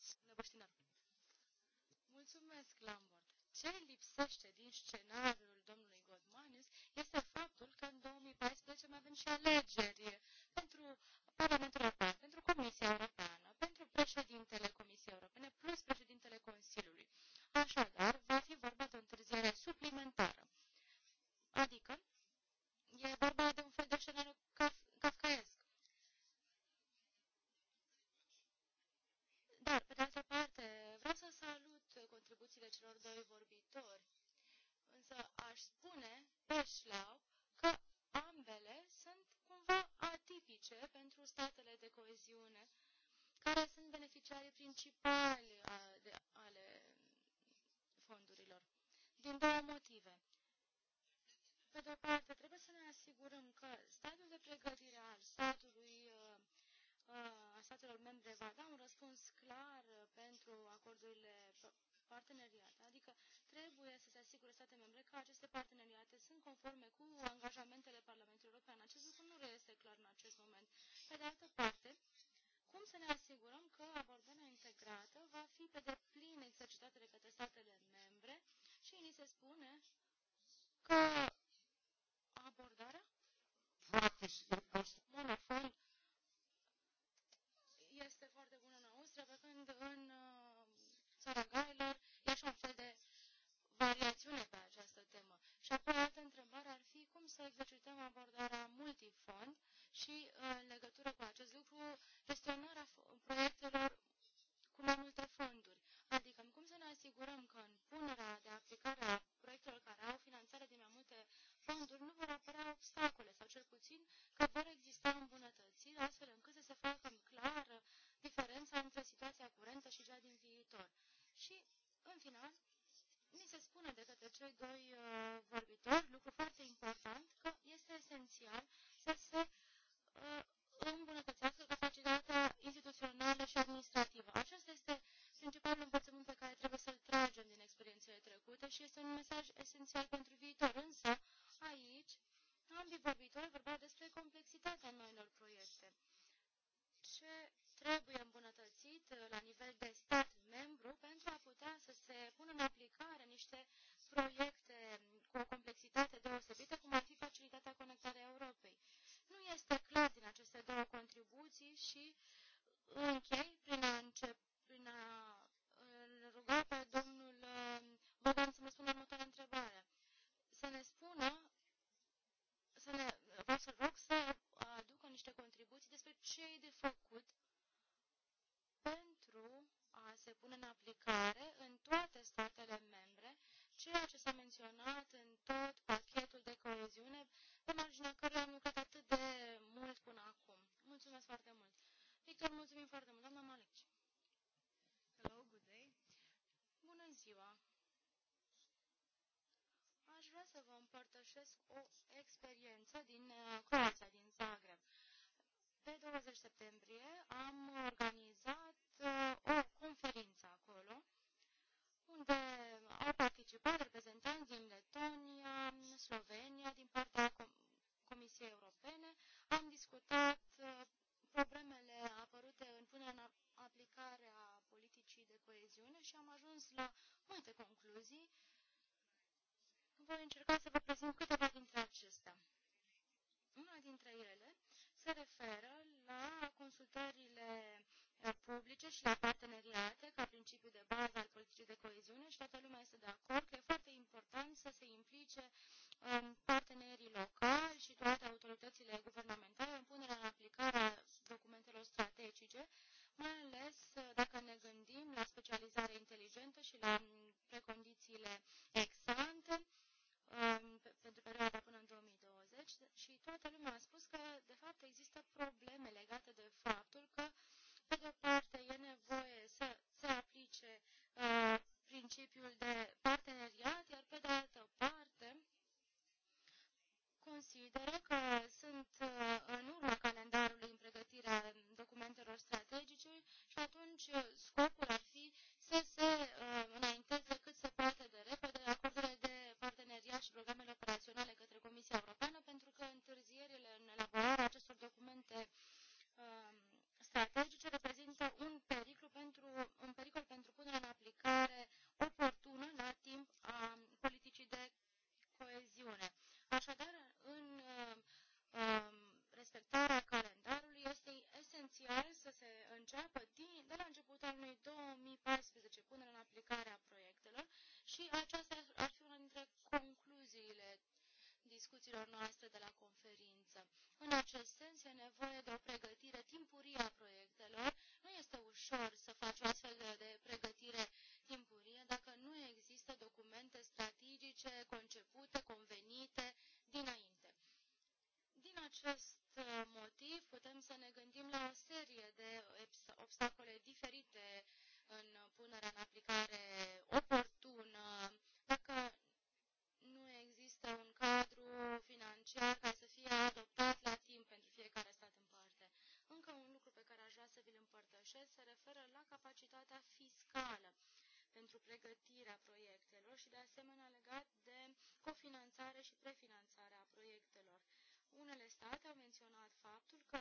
vorbire. Mulțumesc, Lambert. Ce lipsește din scenariul domnului Godmanis este faptul că în 2014 mai avem și alegeri pentru Parlamentul European, pentru Comisia Europeană, pentru președintele Comisiei Europene, plus președintele Consiliului. Așadar, va fi vorba de o întârziere suplimentară. Adică, e vorba de un fel de scenariu kafkaesc. Dar, pe de altă parte, vreau să salut contribuțiile celor doi vorbitori, însă aș spune, pe șleau, că ambele sunt cumva atipice pentru statele de coeziune, care sunt beneficiarii principali ale fondurilor. Din două motive. Pe de-o parte, trebuie să ne asigurăm că stadiul de pregătire al statului, uh, uh, a statelor membre va da un răspuns clar uh, pentru acordurile parteneriate, adică trebuie să se asigure state membre că aceste parteneriate sunt conforme cu angajamentele Parlamentului European. Acest lucru nu este clar în acest moment. Pe de altă parte, cum să ne asigurăm că abordarea integrată va fi pe deplin exercitată de către statele membre și ni se spune că gratis în Austria, fel este foarte bună în Austria, pe când în țara Galilor e așa un fel de variațiune pe această temă. Și apoi o altă întrebare ar fi cum să exercităm abordarea multifond și în legătură cu acest lucru gestionarea proiectelor cu mai multe fonduri. Adică cum să ne asigurăm că în punerea de aplicare a proiectelor care au finanțare din mai fonduri nu vor apărea obstacole sau cel puțin că vor exista îmbunătățiri astfel încât să se facă clară diferența între situația curentă și cea din viitor. Și, în final, mi se spune de către cei doi uh, vorbitori, lucru foarte important, că este esențial să se uh, îmbunătățească capacitatea instituțională și administrativă. Acesta este principalul învățământ pe care trebuie să-l tragem din experiențele trecute și este un mesaj esențial pentru viitor. Însă, Aici, ambii vorbitori vorbeau despre complexitatea noilor proiecte. Ce trebuie îmbunătățit uh, la nivel de stat membru pentru a putea să se pună în aplicare niște proiecte cu o complexitate deosebită, cum ar fi facilitatea conectarea Europei. Nu este clar din aceste două contribuții și închei prin a, încep, prin a ruga pe domnul uh, Bogdan să ne spună următoarea întrebare. Să ne spună să ne, vreau să rog să uh, aducă niște contribuții despre ce e de făcut pentru a se pune în aplicare în toate statele membre ceea ce s-a menționat în tot pachetul de coeziune pe marginea căruia am lucrat atât de mult până acum. Mulțumesc foarte mult. Victor, mulțumim foarte mult. Doamna Maleci. Hello, good day. Bună ziua să vă împărtășesc o experiență din uh, Croația, din Zagreb. Pe 20 septembrie am organizat uh, o conferință acolo, unde au participat reprezentanți din Letonia, Slovenia, din partea Comisiei Europene. Am discutat uh, problemele apărute în punerea în aplicare a politicii de coeziune și am ajuns la multe concluzii voi încerca să vă prezint câteva dintre acestea. Una dintre ele se referă la consultările eh, publice și la parteneriate ca principiu de bază al politicii de coeziune și toată lumea este de acord că e foarte important să se implice eh, partenerii locali și toate autoritățile guvernamentale în punerea în aplicare a documentelor strategice, mai ales eh, dacă ne gândim la specializare inteligentă și la mm, precondițiile ex ante, pentru perioada până în 2020 și toată lumea a spus că, de fapt, există probleme legate de faptul că, pe de-o parte, e nevoie să se aplice uh, principiul de parteneriat, iar pe de altă parte, consideră că sunt uh, în urma calendarului în pregătirea documentelor strategice și atunci uh, scopul ar fi să se uh, Comisia Europeană, pentru că întârzierile în elaborarea acestor documente um, strategice reprezintă un invitațiilor noastre de la conferință. În acest sens, e nevoie de o cofinanțare și prefinanțare a proiectelor. Unele state au menționat faptul că,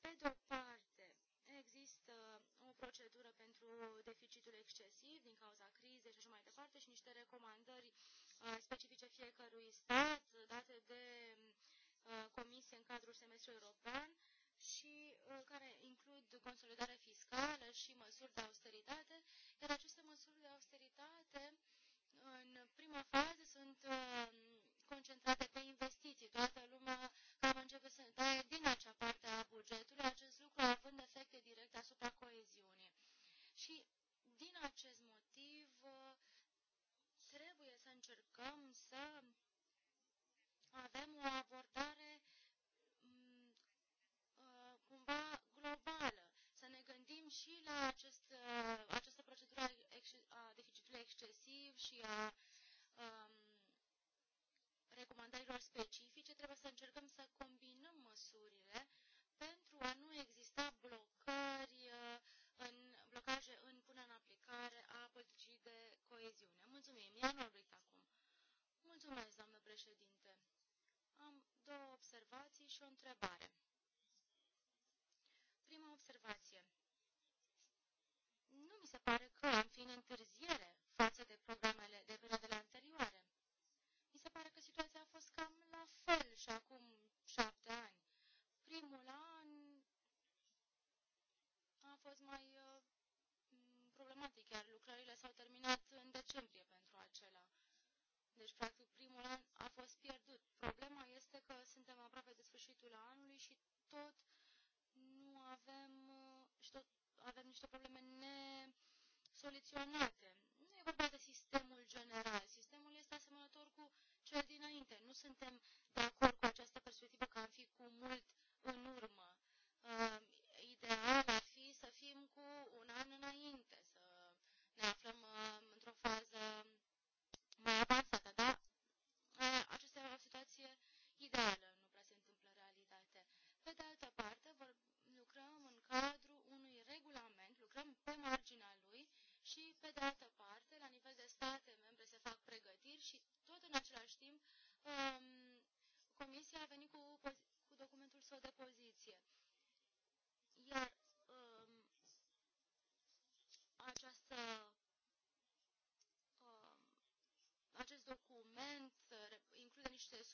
pe de-o parte, există o procedură pentru deficitul excesiv din cauza crizei și așa mai departe și niște recomandări uh, specifice fiecărui stat, date de uh, comisie în cadrul semestrului european și uh, care includ consolidare fiscală și măsuri de austeritate soluționat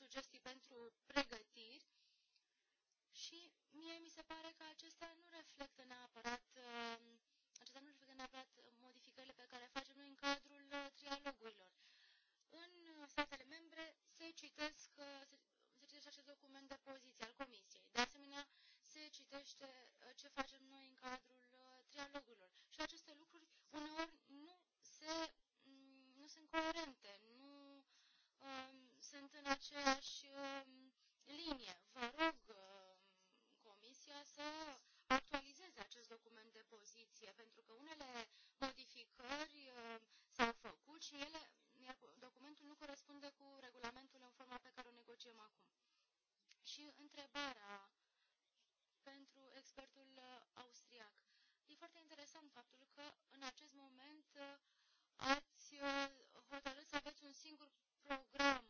sugestii pentru pregătiri și mie mi se pare că acestea nu reflectă neapărat, uh, acestea nu reflectă neapărat modificările pe care le facem noi în cadrul uh, trialogurilor. În statele membre se citesc, uh, se, se citește acest document de poziție al Comisiei. De asemenea, se citește ce facem noi în cadrul trialogurilor. Și aceste lucruri uneori nu, se, mm, nu sunt coerente în aceeași um, linie. Vă rog um, Comisia să actualizeze acest document de poziție, pentru că unele modificări um, s-au făcut și ele, iar documentul nu corespunde cu regulamentul în forma pe care o negociem acum. Și întrebarea pentru expertul uh, austriac. E foarte interesant faptul că în acest moment uh, ați uh, hotărât să aveți un singur program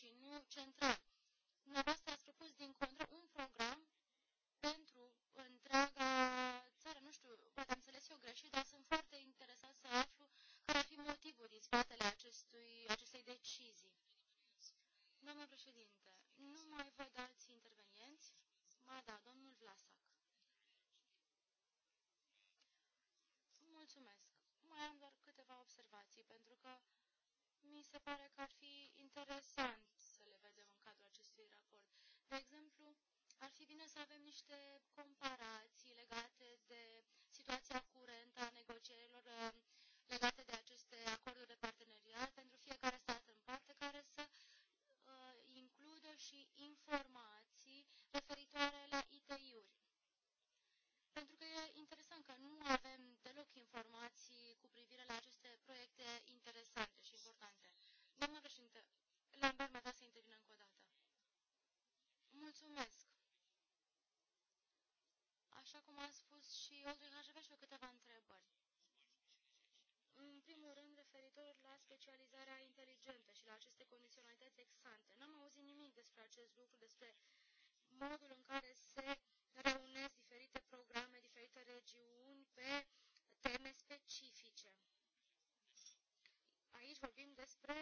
și nu central. Dumneavoastră ați propus, din contră, un program pentru întreaga țară. Nu știu, poate am înțeles eu greșit, dar sunt foarte interesat să aflu care ar fi motivul din spatele acestui, acestei decizii. Domnul președinte, nu mai văd alți intervenienți? Ma da, domnul Vlasac. Mulțumesc. Mai am doar câteva observații, pentru că mi se pare că ar fi interesant să avem niște comparații legate de situația curentă a negocierilor uh, legate de aceste acorduri de parteneriat pentru fiecare stat în parte, care să uh, includă și informații referitoare la ITI-uri. Pentru că e interesant că nu avem deloc informații cu privire la aceste proiecte interesante și importante. Domnul președinte, Lambert, mă specializarea inteligentă și la aceste condiționalități exante. N-am auzit nimic despre acest lucru, despre modul în care se reunesc diferite programe, diferite regiuni pe teme specifice. Aici vorbim despre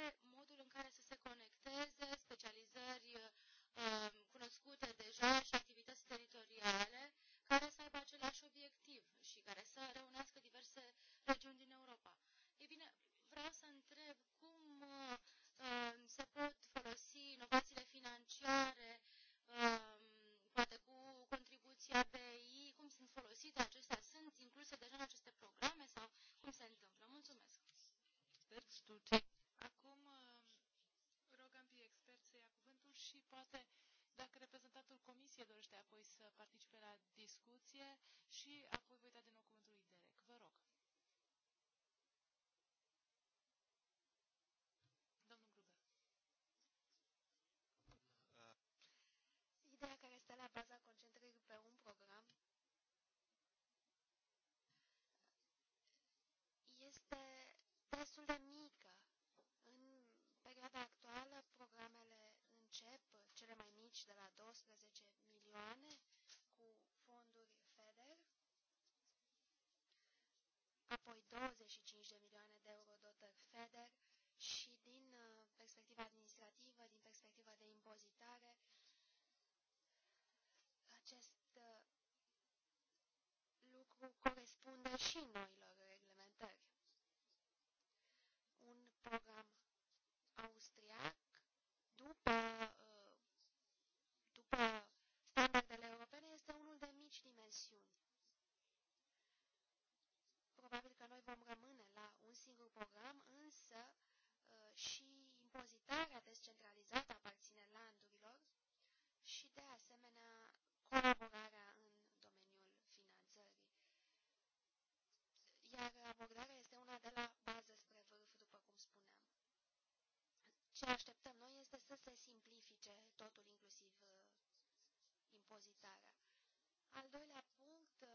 25 de milioane de euro dotări FEDER și din uh, perspectiva administrativă, din perspectiva de impozitare, acest uh, lucru corespunde și noilor vom rămâne la un singur program, însă uh, și impozitarea descentralizată aparține landurilor și, de asemenea, colaborarea în domeniul finanțării. Iar abordarea este una de la bază spre vârf, după cum spuneam. Ce așteptăm noi este să se simplifice totul, inclusiv uh, impozitarea. Al doilea punct, uh,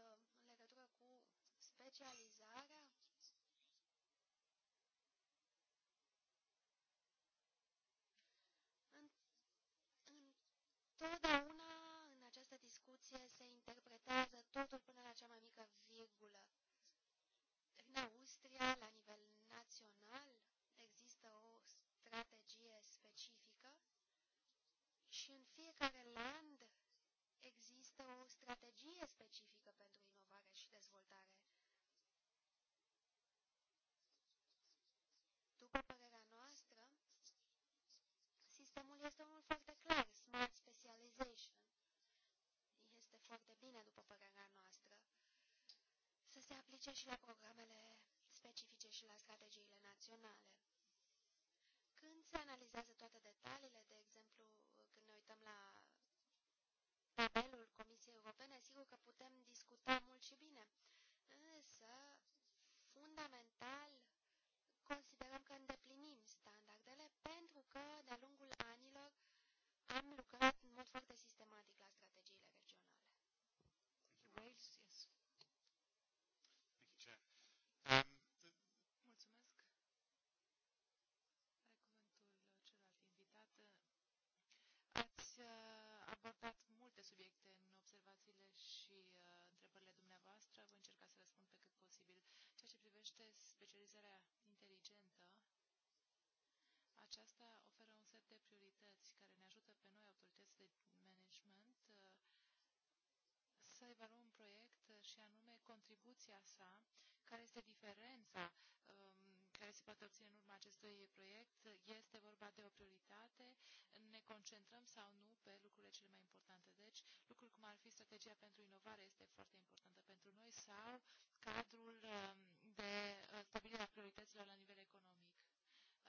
în legătură cu specializarea, Întotdeauna în această discuție se interpretează totul până la cea mai mică virgulă. În Austria, la nivel național, există o strategie specifică și în fiecare land există o strategie specifică pentru inovare și dezvoltare. După părerea noastră, sistemul este unul foarte foarte bine, după părerea noastră, să se aplice și la programele specifice și la strategiile naționale. Când se analizează toate detaliile, de exemplu, când ne uităm la tabelul Comisiei Europene, sigur că putem discuta mult și bine, însă, fundamental, considerăm că îndeplinim standardele pentru că, de-a lungul anilor, am și uh, întrebările dumneavoastră. Voi încerca să răspund pe cât posibil. Ceea ce privește specializarea inteligentă, aceasta oferă un set de priorități care ne ajută pe noi, autorități de management, uh, să evaluăm un proiect uh, și anume contribuția sa, care este diferența um, care se poate obține în urma acestui proiect. Este vorba de o prioritate ne concentrăm sau nu pe lucrurile cele mai importante. Deci, lucruri cum ar fi strategia pentru inovare este foarte importantă pentru noi sau cadrul um, de uh, stabilire a priorităților la nivel economic.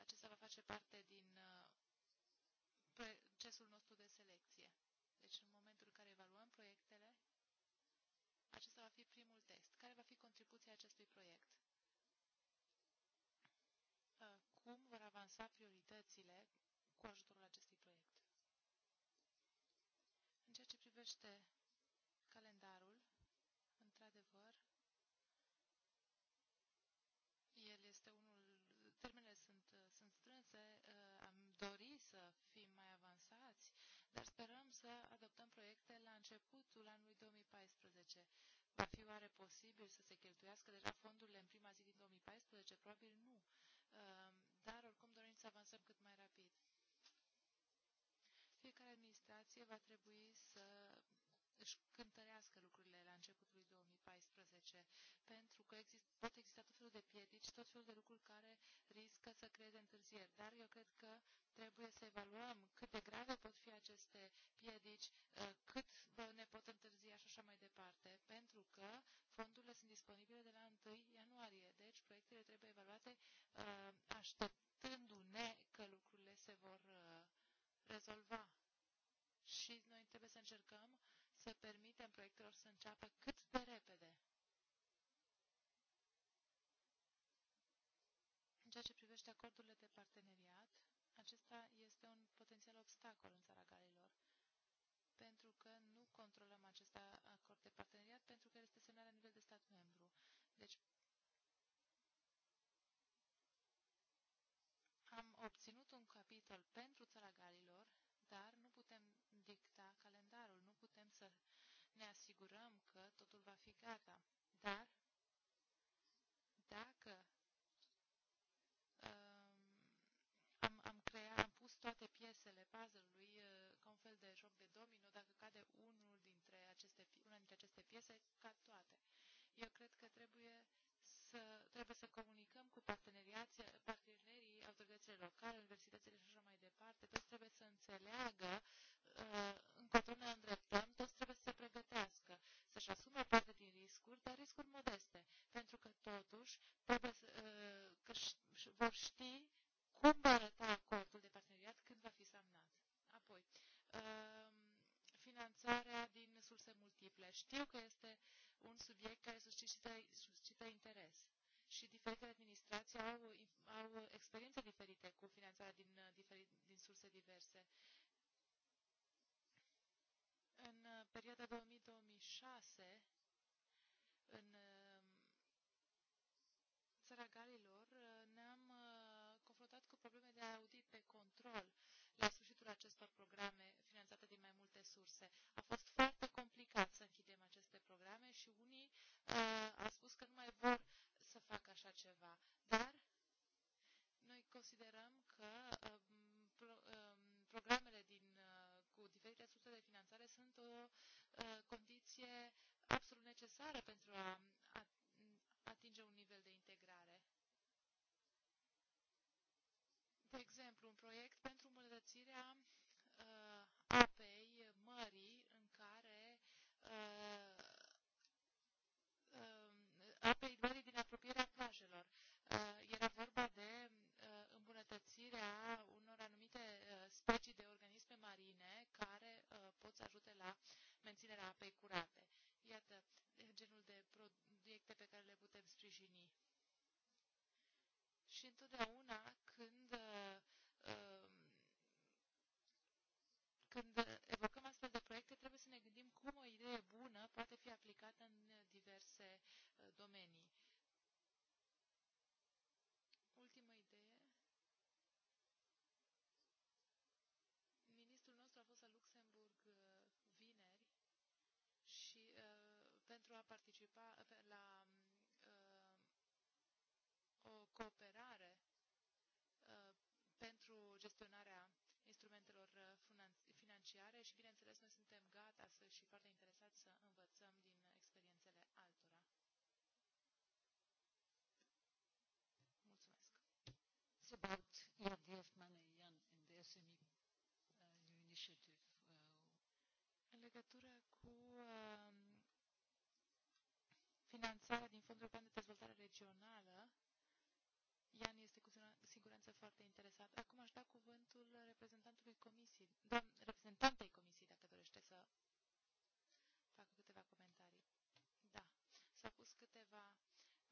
Acesta va face parte din uh, procesul nostru de selecție. Deci, în momentul în care evaluăm proiectele, acesta va fi primul test. Care va fi contribuția acestui proiect? Uh, cum vor avansa prioritățile cu ajutorul acestui proiect. În ceea ce privește calendarul, într-adevăr, el este unul, termenele sunt, sunt strânse, ă, am dori să fim mai avansați, dar sperăm să adoptăm proiecte la începutul anului 2014. Va fi oare posibil să se cheltuiască deja fondurile în prima zi din 2014? Probabil nu, ă, dar oricum dorim să avansăm cât mai rapid fiecare administrație va trebui să își cântărească lucrurile la începutul lui 2014, pentru că exist, pot exista tot felul de piedici, tot felul de lucruri care riscă să creeze întârzieri. Dar eu cred că trebuie să evaluăm cât de grave pot fi aceste piedici, uh, cât ne pot întârzia și așa mai departe, pentru că fondurile sunt disponibile de la 1 ianuarie. Deci proiectele trebuie evaluate uh, așteptându-ne că lucrurile se vor uh, rezolva. Și noi trebuie să încercăm să permitem proiectelor să înceapă cât de repede. În ceea ce privește acordurile de parteneriat, acesta este un potențial obstacol în țara Galilor, pentru că nu controlăm acest acord de parteneriat, pentru că este semnat la nivel de stat membru. Deci, obținut un capitol pentru țara Galilor, dar nu putem dicta calendarul, nu putem să ne asigurăm că totul va fi gata. Dar dacă um, am pus toate piesele puzzle-ului uh, ca un fel de joc de domino, dacă cade unul dintre aceste, una dintre aceste piese, cad toate. Eu cred că trebuie să, trebuie să comunicăm cu parteneriate autoritățile locale, universitățile și așa mai departe, toți trebuie să înțeleagă uh, încotro ne îndreptăm, toți trebuie să se pregătească, să-și asume parte din riscuri, dar riscuri modeste, pentru că totuși trebuie să, uh, că vor ști cum va arăta acordul de parteneriat când va fi semnat. Apoi, uh, finanțarea din surse multiple. Știu că este un subiect care suscită, suscită interes și diferite administrații au, au experiențe diferite cu finanțarea din, uh, diferi, din surse diverse. În uh, perioada 2000-2006, în um, țara Galilor, de exemplu, un proiect pentru îmbunătățirea Rudolf Maneian în uh, New Initiative uh, în legătură cu um, finanțarea din Fondul European de Dezvoltare Regională. Ian este cu siguranță foarte interesat. Acum aș da cuvântul reprezentantului comisiei, doamn, reprezentantei comisiei, dacă dorește să facă câteva comentarii. Da, s-au pus câteva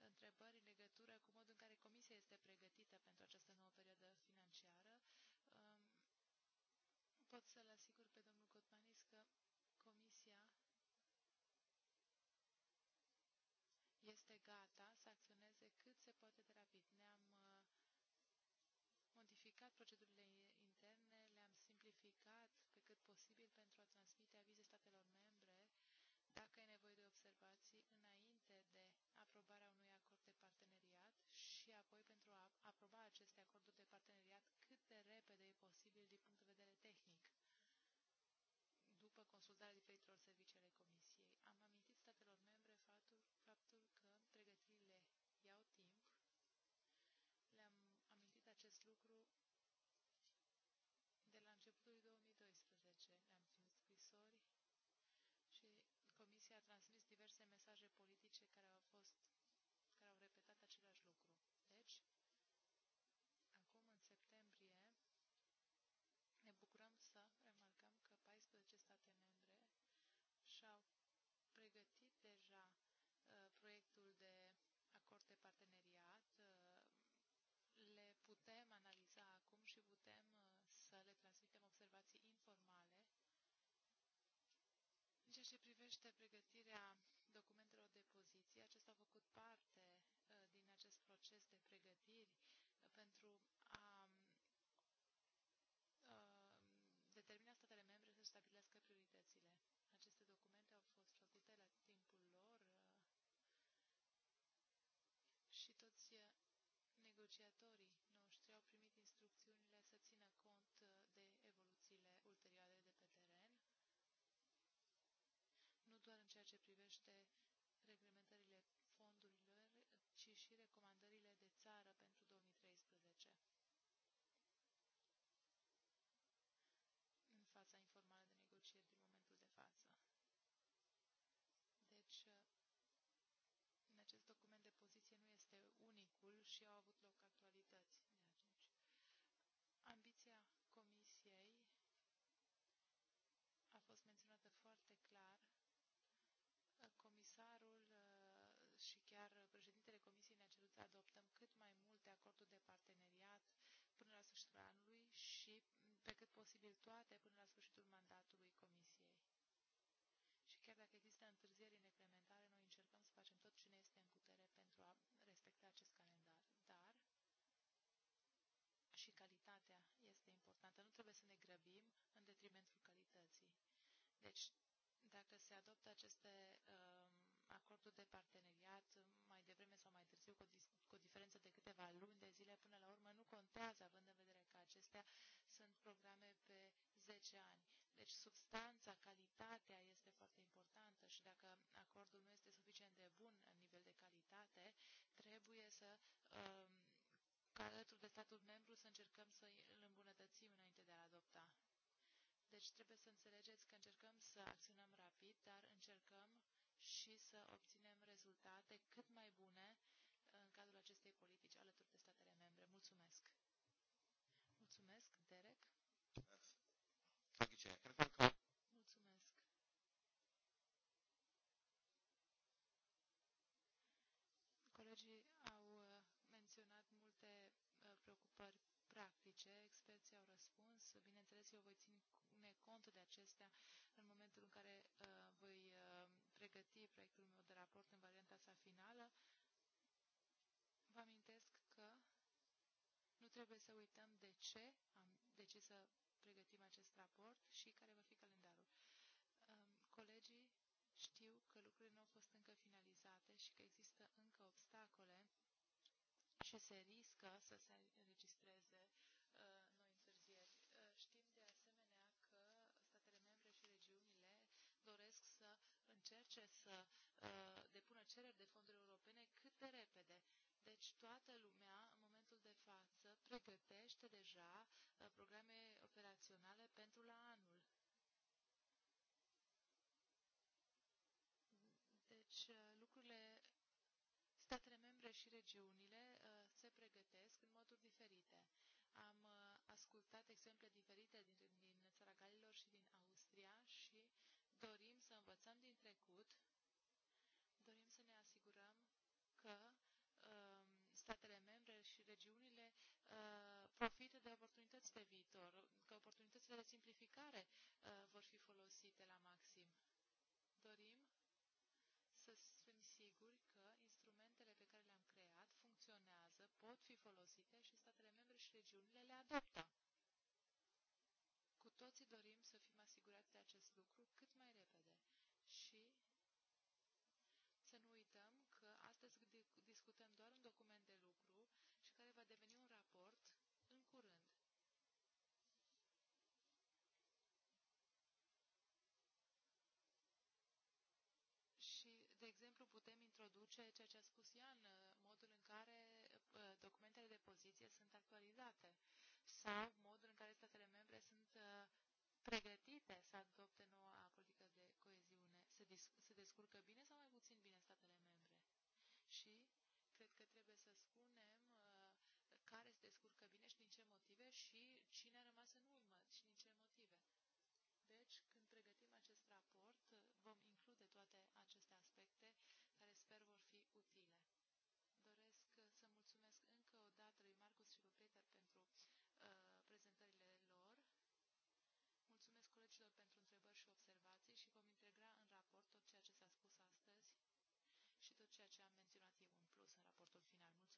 întrebări în legătură cu modul în care comisia este pregătită pentru această nouă perioadă pot să-l asigur pe domnul Cotmanis că Comisia este gata să acționeze cât se poate de rapid. Ne-am uh, modificat procedurile interne, le-am simplificat pe cât posibil pentru a transmite avize statelor membre dacă e nevoie de observații înainte de aprobarea unui acord de parteneriat și apoi pentru a aproba aceste acorduri de parteneriat cât de repede e posibil din punct de abordarea diferitelor servicii ale Comisiei. Am amintit statelor membre faptul, faptul că pregătirile iau timp. Le-am amintit acest lucru de la începutul 2012. Le-am trimis scrisori și Comisia a transmis diverse mesaje politice care au fost ce privește pregătirea documentelor de poziție, acesta a făcut parte uh, din acest proces de pregătiri uh, pentru a uh, determina statele membre să stabilească prioritățile. Aceste documente au fost rostite la timpul lor și toți negociatorii și chiar președintele Comisiei ne-a cerut să adoptăm cât mai multe acorduri de parteneriat până la sfârșitul anului și pe cât posibil toate până la sfârșitul mandatului Comisiei. Și chiar dacă există întârzieri în implementare, noi încercăm să facem tot ce ne este în putere pentru a respecta acest calendar. Dar și calitatea este importantă. Nu trebuie să ne grăbim în detrimentul calității. Deci, dacă se adoptă aceste uh, acordul de parteneriat mai devreme sau mai târziu, cu o, cu o diferență de câteva luni de zile, până la urmă nu contează, având în vedere că acestea sunt programe pe 10 ani. Deci substanța, calitatea este foarte importantă și dacă acordul nu este suficient de bun în nivel de calitate, trebuie să, um, ca alături de statul membru, să încercăm să îl îmbunătățim înainte de a-l adopta. Deci trebuie să înțelegeți că încercăm să acționăm rapid, dar încercăm și să obținem rezultate cât mai bune în cadrul acestei politici alături de statele membre. Mulțumesc! Mulțumesc, Derek! Mulțumesc! Colegii au uh, menționat multe uh, preocupări practice, experții au răspuns, bineînțeles eu voi ține cont de acestea în momentul în care uh, voi uh, pregăti proiectul meu de raport în varianta sa finală, vă amintesc că nu trebuie să uităm de ce am decis să pregătim acest raport și care va fi calendarul. Colegii știu că lucrurile nu au fost încă finalizate și că există încă obstacole și se riscă să se înregistreze orice să uh, depună cereri de fonduri europene cât de repede. Deci toată lumea, în momentul de față, pregătește deja uh, programe operaționale pentru la anul. Deci uh, lucrurile, statele membre și regiunile uh, se pregătesc în moduri diferite. Am uh, ascultat exemple diferite din, din țara Galilor și din Austria și dorim învățăm din trecut, dorim să ne asigurăm că uh, statele membre și regiunile uh, profită de oportunități pe viitor, că oportunitățile de simplificare uh, vor fi folosite la maxim. Dorim să fim siguri că instrumentele pe care le-am creat funcționează, pot fi folosite și statele membre și regiunile le adoptă. Cu toții dorim să fim asigurați de acest lucru cât mai repede. astăzi discutăm doar un document de lucru și care va deveni un raport în curând. Și, de exemplu, putem introduce ceea ce a spus Ian, uh, modul în care uh, documentele de poziție sunt actualizate sau modul în care statele membre sunt uh, pregătite să adopte noua politică de coeziune. Se, se descurcă bine sau mai puțin bine statele membre? și cred că trebuie să spunem uh, care se descurcă bine și din ce motive și cine a rămas în urmă și din ce motive. în raportul final. Mulțumesc!